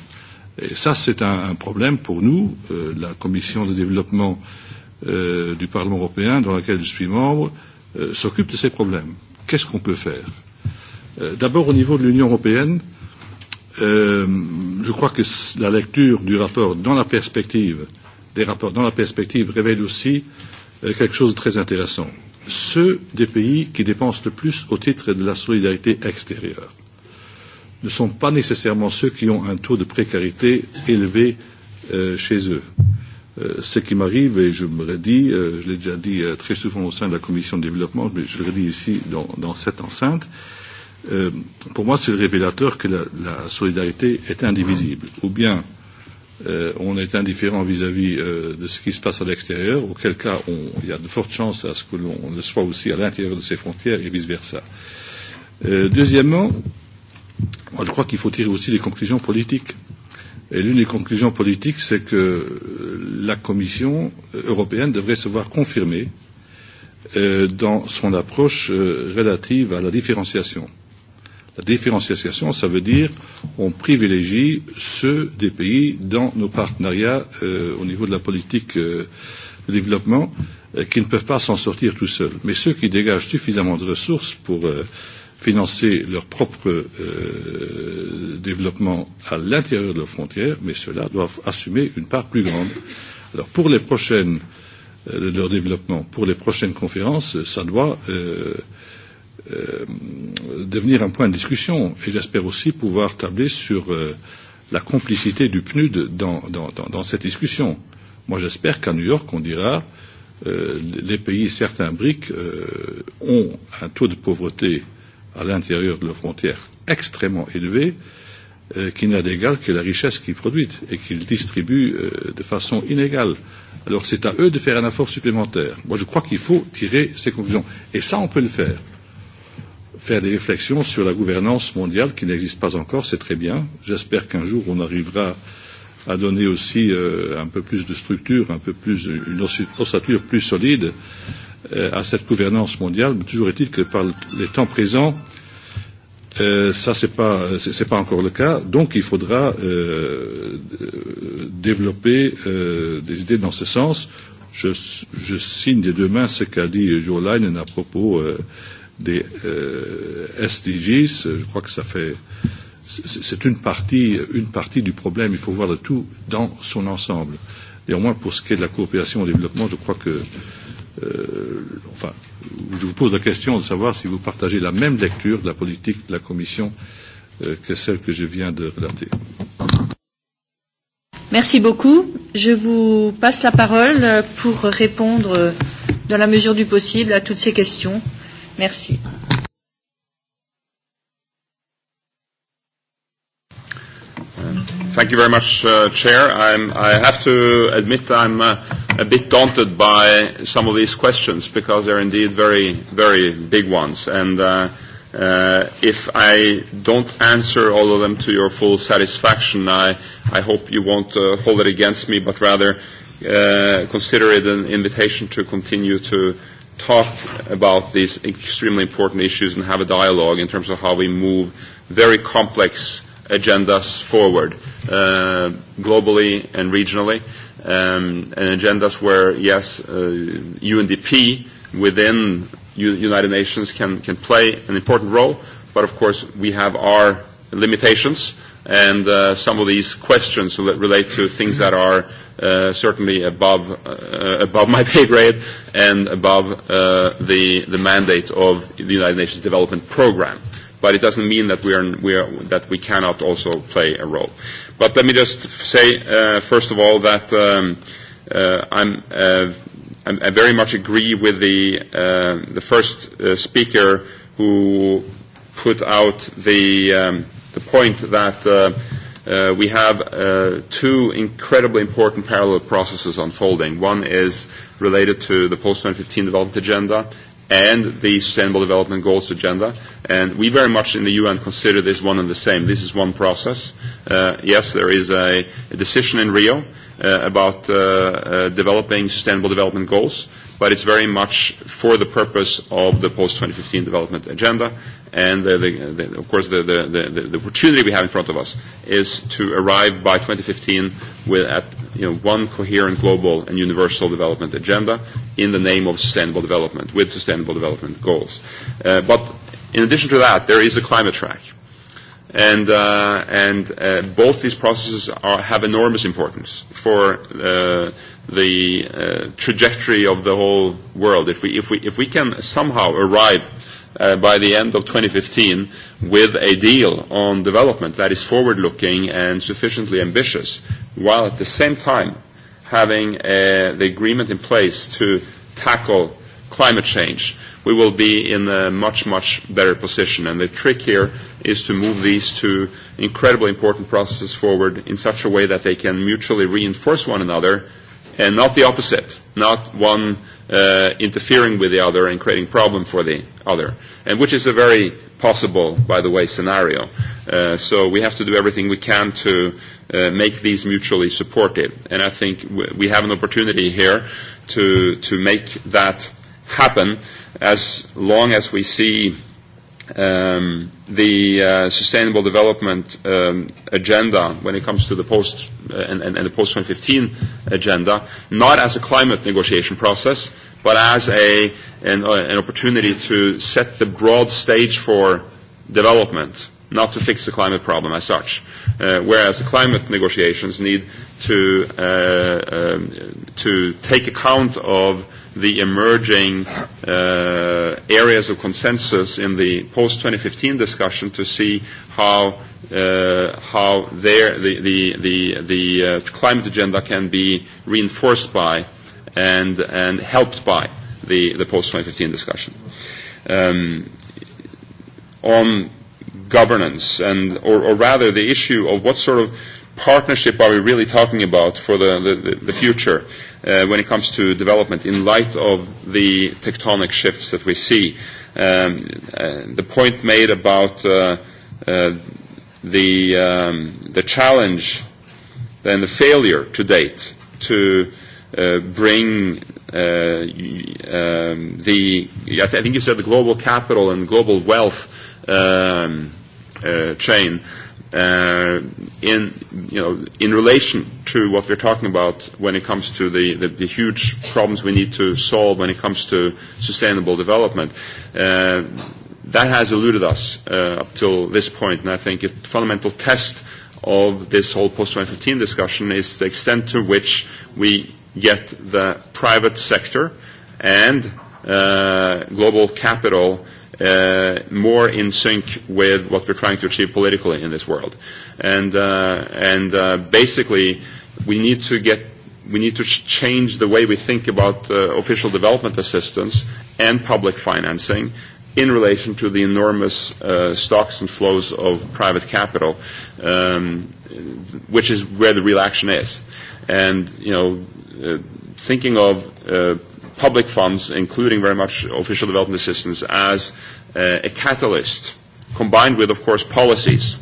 Et ça, c'est un, un problème pour nous. Euh, la Commission de développement euh, euh, du Parlement européen, dans laquelle je suis membre, euh, s'occupe de ces problèmes. Qu'est-ce qu'on peut faire euh, D'abord, au niveau de l'Union européenne, euh, je crois que la lecture du rapport dans la perspective des rapports dans la perspective révèle aussi euh, quelque chose de très intéressant. Ceux des pays qui dépensent le plus au titre de la solidarité extérieure ne sont pas nécessairement ceux qui ont un taux de précarité élevé euh, chez eux. Euh, Euh, ce qui m'arrive, et je me redis, euh, je l'ai déjà dit euh, très souvent au sein de la commission de développement, mais je le redis ici dans, dans cette enceinte, euh, pour moi c'est le révélateur que la, la solidarité est indivisible. Ou bien euh, on est indifférent vis-à-vis -vis, euh, de ce qui se passe à l'extérieur, auquel cas on, il y a de fortes chances à ce que l'on le soit aussi à l'intérieur de ses frontières et vice-versa. Euh, deuxièmement, moi, je crois qu'il faut tirer aussi des conclusions politiques. Et l'une des conclusions politiques, c'est que la Commission européenne devrait se voir confirmée euh, dans son approche euh, relative à la différenciation. La différenciation, ça veut dire on privilégie ceux des pays dans nos partenariats euh, au niveau de la politique euh, de développement euh, qui ne peuvent pas s'en sortir tout seuls. Mais ceux qui dégagent suffisamment de ressources pour euh, financer leur propre euh, développement à l'intérieur de leurs frontières, mais ceux-là doivent assumer une part plus grande. Alors pour les prochaines euh, leur développement, pour les prochaines conférences, ça doit euh, euh, devenir un point de discussion et j'espère aussi pouvoir tabler sur euh, la complicité du PNUD dans, dans, dans, dans cette discussion. Moi j'espère qu'à New York on dira euh, les pays, certains briques, euh, ont un taux de pauvreté euh, à l'intérieur de leurs frontières extrêmement élevée, euh, qui n'a d'égal que la richesse qu'ils produisent et qu'ils distribuent euh, de façon inégale. Alors c'est à eux de faire un effort supplémentaire. Moi je crois qu'il faut tirer ces conclusions. Et ça on peut le faire. Faire des réflexions sur la gouvernance mondiale qui n'existe pas encore, c'est très bien. J'espère qu'un jour on arrivera à donner aussi euh, un peu plus de structure, un peu plus, une ossature plus solide euh, Euh, à cette gouvernance mondiale, mais toujours est-il que par les temps présents, euh, ça c'est pas c'est pas encore le cas. Donc il faudra euh, développer euh, des idées dans ce sens. Je, je signe des deux mains ce qu'a dit Jo Leinen à propos euh, des euh, SDGs. Je crois que ça fait c'est une partie, une partie du problème. Il faut voir le tout dans son ensemble. Et au moins pour ce qui est de la coopération au développement, je crois que euh, enfin, je vous pose la question de savoir si vous partagez la même lecture de la politique de la Commission euh, que celle que je viens de relater. Merci beaucoup. Je vous passe la parole pour répondre dans la mesure du possible à toutes ces questions. Merci. Thank you very much, uh, Chair. I'm, I have to admit I'm uh, a bit daunted by some of these questions because they're indeed very, very big ones. And uh, uh, if I don't answer all of them to your full satisfaction, I, I hope you won't uh, hold it against me, but rather uh, consider it an invitation to continue to talk about these extremely important issues and have a dialogue in terms of how we move very complex agendas forward uh, globally and regionally, um, and agendas where, yes, uh, UNDP within U- United Nations can, can play an important role, but of course we have our limitations, and uh, some of these questions relate to things that are uh, certainly above, uh, above my pay grade and above uh, the, the mandate of the United Nations Development Programme. Uh, but it doesn't mean that we, are, we are, that we cannot also play a role. But let me just say, uh, first of all, that um, uh, I'm, uh, I'm, I very much agree with the, uh, the first uh, speaker who put out the, um, the point that uh, uh, we have uh, two incredibly important parallel processes unfolding. One is related to the post-2015 development agenda, and the Sustainable Development Goals agenda. And we very much in the UN consider this one and the same. This is one process. Uh, yes, there is a, a decision in Rio uh, about uh, uh, developing sustainable development goals, but it's very much for the purpose of the post-2015 development agenda. And the, the, the, of course, the, the, the, the opportunity we have in front of us is to arrive by 2015 with at, you know, one coherent global and universal development agenda in the name of sustainable development, with sustainable development goals. Uh, but in addition to that, there is a climate track and uh, and uh, both these processes are, have enormous importance for uh, the uh, trajectory of the whole world. If we if we if we can somehow arrive uh, by the end of 2015 with a deal on development that is forward-looking and sufficiently ambitious, while at the same time having uh, the agreement in place to tackle climate change we will be in a much, much better position. And the trick here is to move these two incredibly important processes forward in such a way that they can mutually reinforce one another and not the opposite, not one uh, interfering with the other and creating problem for the other, and which is a very possible, by the way, scenario. Uh, so we have to do everything we can to uh, make these mutually supportive. And I think we have an opportunity here to, to make that happen as long as we see um, the uh, sustainable development um, agenda when it comes to the post uh, and, and, and the post 2015 agenda, not as a climate negotiation process, but as a, an, uh, an opportunity to set the broad stage for development, not to fix the climate problem as such. Uh, whereas the climate negotiations need to, uh, um, to take account of the emerging uh, areas of consensus in the post-2015 discussion to see how uh, how there the, the, the, the uh, climate agenda can be reinforced by and, and helped by the, the post-2015 discussion. Um, on governance, and, or, or rather the issue of what sort of partnership are we really talking about for the, the, the future uh, when it comes to development in light of the tectonic shifts that we see? Um, uh, the point made about uh, uh, the, um, the challenge and the failure to date to uh, bring uh, um, the, I, th- I think you said the global capital and global wealth um, uh, chain uh, Uh, in, you know, in relation to what we're talking about when it comes to the, the, the huge problems we need to solve when it comes to sustainable development. Uh, that has eluded us uh, up till this point, and I think a fundamental test of this whole post-2015 discussion is the extent to which we get the private sector and uh, global capital uh, more in sync with what we're trying to achieve politically in this world. And, uh, and uh, basically, we need to get we need to change the way we think about uh, official development assistance and public financing in relation to the enormous uh, stocks and flows of private capital, um, which is where the real action is. And, you know, uh, thinking of uh, public funds, including very much official development assistance, as uh, a catalyst, combined with, of course, policies,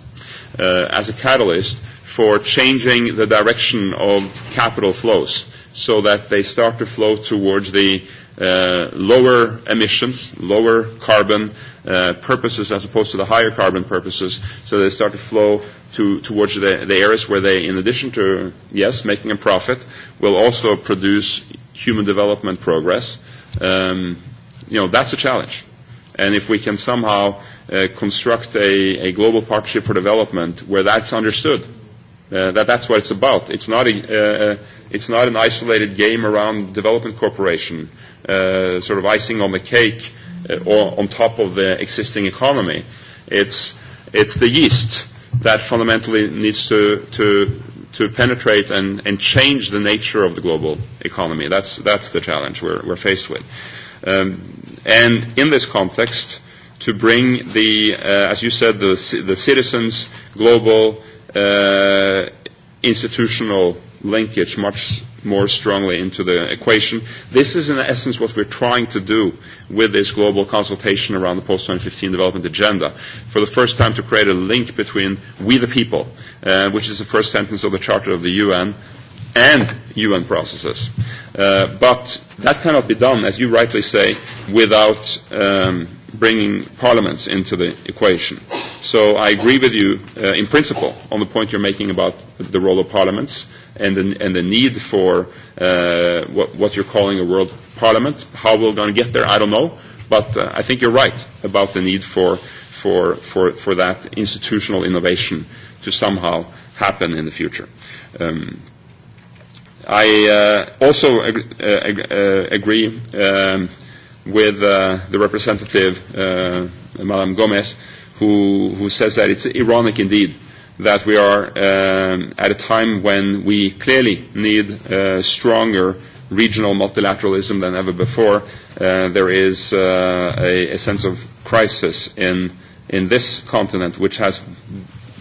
uh, as a catalyst for changing the direction of capital flows so that they start to flow towards the uh, lower emissions, lower carbon uh, purposes as opposed to the higher carbon purposes. So they start to flow to, towards the, the areas where they, in addition to, yes, making a profit, will also produce human development progress, um, you know, that's a challenge. And if we can somehow uh, construct a, a global partnership for development where that's understood, uh, that that's what it's about. It's not, a, uh, uh it's not an isolated game around development corporation, uh, sort of icing on the cake uh, or on top of the existing economy. It's, it's the yeast that fundamentally needs to, to to penetrate and, and change the nature of the global economy. That's, that's the challenge we're, we're faced with. Um, and in this context, to bring the, uh, as you said, the, the citizens' global uh, institutional linkage much more strongly into the equation. This is in essence what we're trying to do with this global consultation around the post-2015 development agenda. For the first time to create a link between we the people, uh, which is the first sentence of the Charter of the UN, and UN processes. Uh, but that cannot be done, as you rightly say, without um, bringing parliaments into the equation. So I agree with you uh, in principle on the point you're making about the role of parliaments and the, and the need for uh, what, what you're calling a world parliament. How we're going to get there, I don't know. But uh, I think you're right about the need for, for, for, for that institutional innovation to somehow happen in the future. Um, I uh, also ag- uh, ag- uh, agree um, with uh, the representative, uh, Madame Gomez, who, who says that it's ironic indeed that we are um, at a time when we clearly need uh, stronger regional multilateralism than ever before. Uh, there is uh, a, a sense of crisis in, in this continent, which has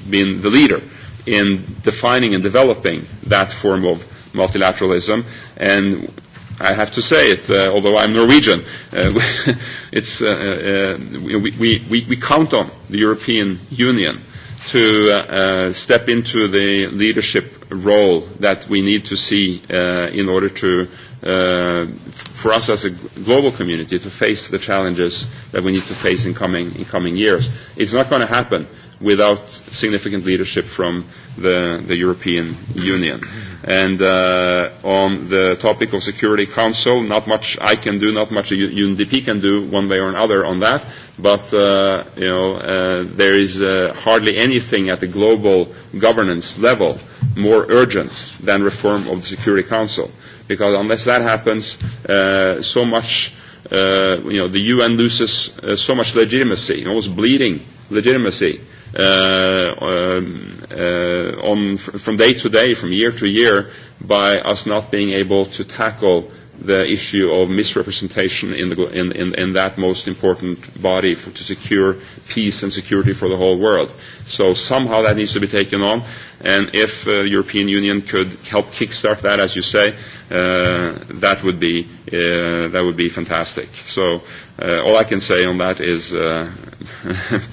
been the leader in defining and developing that form of multilateralism. And i have to say it, uh, although I'm Norwegian, uh, it's, uh, uh, we, we, we count on the European Union to uh, uh, step into the leadership role that we need to see uh, in order to, uh, for us as a global community, to face the challenges that we need to face in coming, in coming years. It's not going to happen without significant leadership from uh, the, the European Union. And uh, on the topic of Security Council, not much I can do, not much UNDP can do one way or another on that. But uh, you know, uh, there is uh, hardly anything at the global governance level more urgent than reform of the Security Council, because unless that happens, uh, so much. Uh, you know, the UN loses uh, so much legitimacy, almost bleeding legitimacy uh, on uh, um, from day to day, from year to year, by us not being able to tackle the issue of misrepresentation in, the, in, in, in that most important body for, to secure peace and security for the whole world. So somehow that needs to be taken on, and if the uh, European Union could help kickstart that, as you say, uh, that would be uh, that would be fantastic. So uh, all I can say on that is, uh,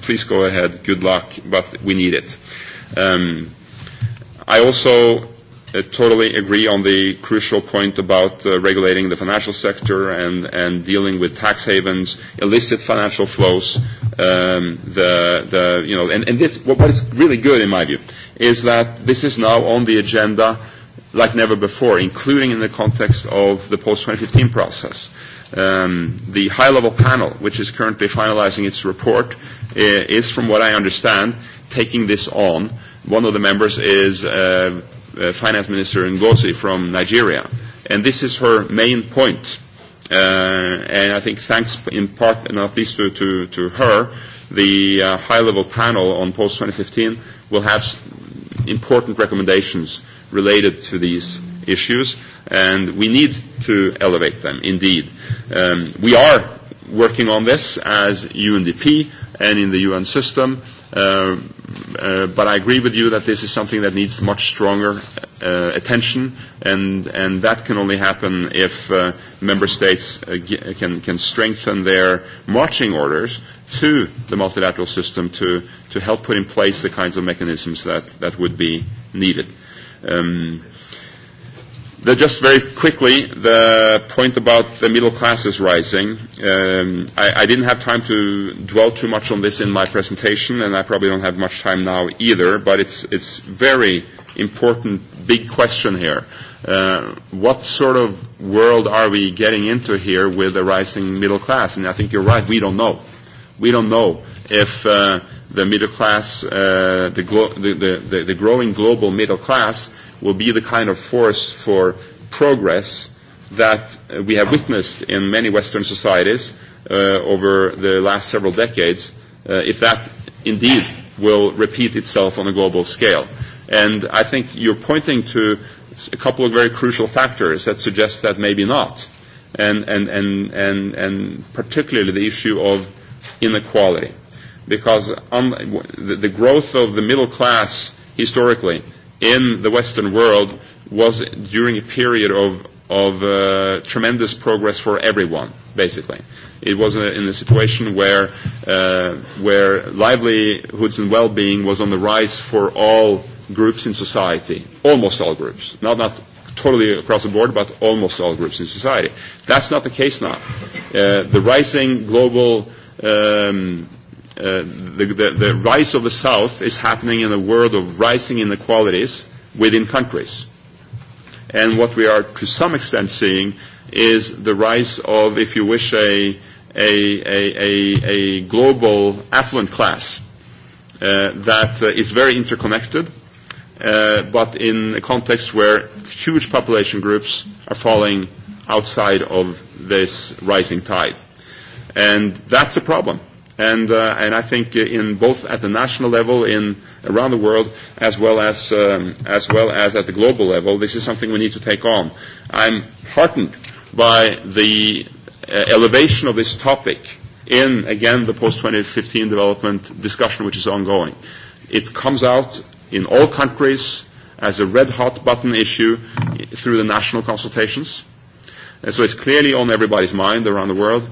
please go ahead. Good luck, but we need it. Um, I also uh, totally agree on the crucial point about uh, regulating the financial sector and, and dealing with tax havens, illicit financial flows. Um, the, the, you know, and, and this, what, what is really good in my view is that this is now on the agenda like never before, including in the context of the post-2015 process. Um, the high-level panel, which is currently finalizing its report, eh, is, from what I understand, taking this on. One of the members is uh, uh, Finance Minister Ngozi from Nigeria. And this is her main point. Uh, and I think thanks in part, and at least to, to, to her, the uh, high-level panel on post-2015 will have important recommendations related to these issues, and we need to elevate them, indeed. Um, we are working on this as UNDP and in the UN system, uh, uh, but I agree with you that this is something that needs much stronger uh, attention, and, and that can only happen if uh, member states uh, g- can, can strengthen their marching orders to the multilateral system to, to help put in place the kinds of mechanisms that, that would be needed. Um, the, just very quickly, the point about the middle class is rising. Um, I, I didn't have time to dwell too much on this in my presentation, and I probably don't have much time now either, but it's, it's very important, big question here. Uh, what sort of world are we getting into here with the rising middle class? And I think you're right, we don't know. We don't know if uh, the middle class, uh, the, glo- the, the, the, the growing global middle class will be the kind of force for progress that uh, we have witnessed in many Western societies uh, over the last several decades, uh, if that indeed will repeat itself on a global scale. And I think you're pointing to a couple of very crucial factors that suggest that maybe not, and, and, and, and, and particularly the issue of inequality because on um, the, the growth of the middle class historically in the Western world was during a period of, of uh, tremendous progress for everyone, basically. It was a, in a situation where, uh, where livelihoods and well-being was on the rise for all groups in society, almost all groups, not, not totally across the board, but almost all groups in society. That's not the case now. Uh, the rising global um, Uh, the, the, the rise of the South is happening in a world of rising inequalities within countries. And what we are to some extent seeing is the rise of, if you wish, a, a, a, a, a global affluent class uh, that uh, is very interconnected, uh, but in a context where huge population groups are falling outside of this rising tide. And that's a problem and uh, and I think in both at the national level in around the world as well as um, as well as at the global level, this is something we need to take on. I'm heartened by the uh, elevation of this topic in again the post 2015 development discussion which is ongoing. It comes out in all countries as a red hot button issue through the national consultations. And so it's clearly on everybody's mind around the world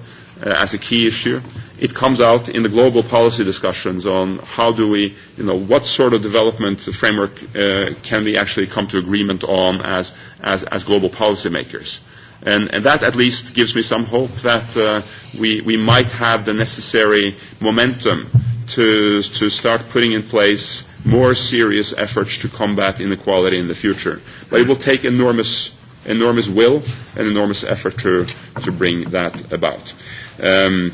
uh, as a key issue. It comes out in the global policy discussions on how do we, you know, what sort of development framework uh, can we actually come to agreement on as, as, as global policymakers. And, and that at least gives me some hope that uh, we, we might have the necessary momentum to, to start putting in place more serious efforts to combat inequality in the future. But it will take enormous, enormous will and enormous effort to, to bring that about. Um,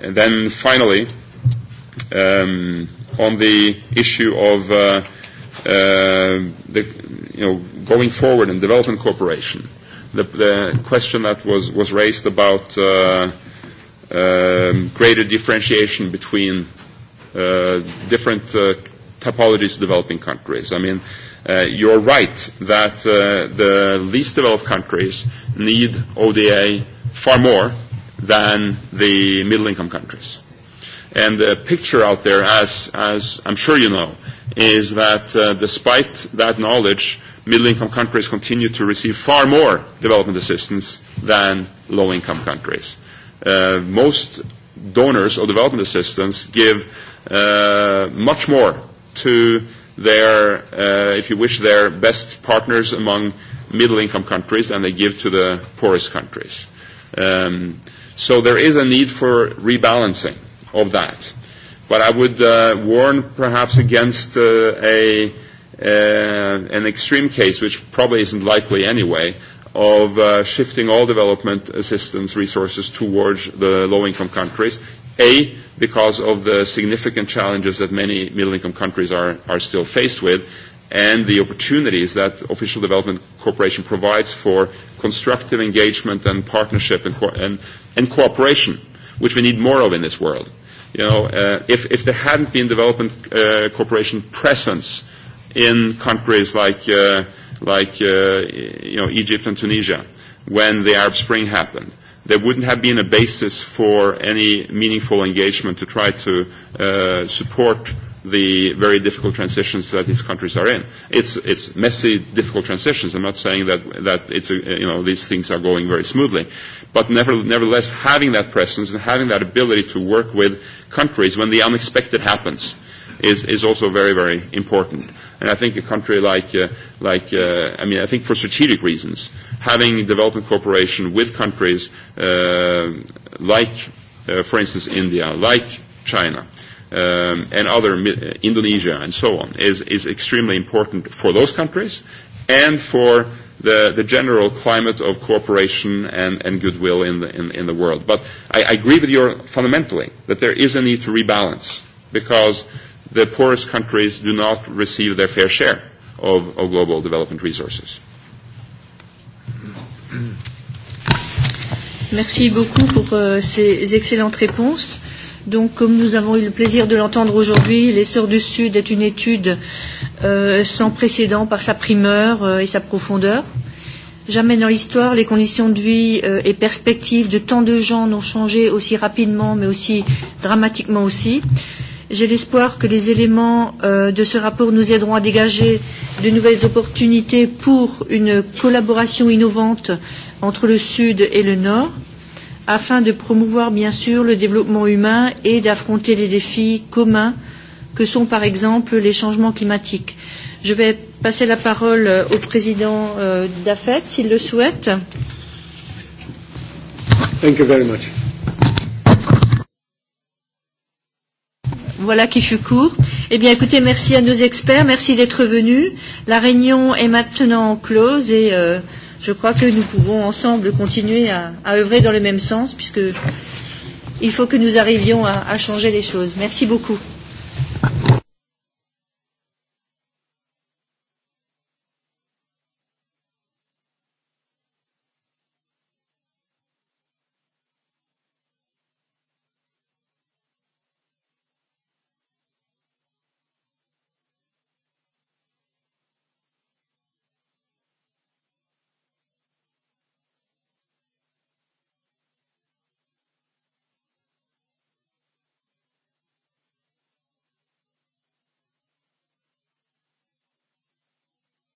and then finally, um, on the issue of uh, uh, the, you know, going forward in development cooperation, the, the question that was, was raised about uh, um, greater differentiation between uh, different uh, typologies of developing countries. I mean, uh, you're right that uh, the least developed countries need ODA far more than the middle-income countries. And the picture out there, as, as I'm sure you know, is that uh, despite that knowledge, middle-income countries continue to receive far more development assistance than low-income countries. Uh, most donors of development assistance give uh, much more to their, uh, if you wish, their best partners among middle-income countries than they give to the poorest countries. Um, So there is a need for rebalancing of that. But I would uh, warn perhaps against uh, a, uh, an extreme case, which probably isn't likely anyway, of uh, shifting all development assistance resources towards the low-income countries. A, because of the significant challenges that many middle-income countries are, are still faced with, and the opportunities that official development cooperation provides for constructive engagement and partnership and, co- and and cooperation, which we need more of in this world. You know, uh, if, if there hadn't been development uh, cooperation presence in countries like, uh, like uh, you know, Egypt and Tunisia when the Arab Spring happened, there wouldn't have been a basis for any meaningful engagement to try to uh, support the very difficult transitions that these countries are in. It's, it's messy, difficult transitions. I'm not saying that, that it's a, uh, you know, these things are going very smoothly. But never, nevertheless, having that presence and having that ability to work with countries when the unexpected happens is, is also very, very important. And I think a country like, uh, like uh, I mean, I think for strategic reasons, having development cooperation with countries uh, like, uh, for instance, India, like China, uh, um, and other, uh, Indonesia and so on, is, is extremely important for those countries and for the, the general climate of cooperation and, and goodwill in the, in, in the world. But I, I agree with you fundamentally that there is a need to rebalance because the poorest countries do not receive their fair share of, of global development resources. Merci beaucoup pour euh, ces excellentes réponses. Donc, comme nous avons eu le plaisir de l'entendre aujourd'hui, l'essor du Sud est une étude euh, sans précédent par sa primeur euh, et sa profondeur. Jamais dans l'histoire, les conditions de vie euh, et perspectives de tant de gens n'ont changé aussi rapidement, mais aussi dramatiquement aussi. J'ai l'espoir que les éléments euh, de ce rapport nous aideront à dégager de nouvelles opportunités pour une collaboration innovante entre le Sud et le Nord afin de promouvoir bien sûr le développement humain et d'affronter les défis communs que sont par exemple les changements climatiques. Je vais passer la parole euh, au président euh, d'AFET s'il le souhaite. Thank you very much. Voilà qui fut court. Eh bien, écoutez, merci à nos experts, merci d'être venus. La réunion est maintenant close et euh, je crois que nous pouvons ensemble continuer à, à œuvrer dans le même sens, puisque il faut que nous arrivions à, à changer les choses. Merci beaucoup.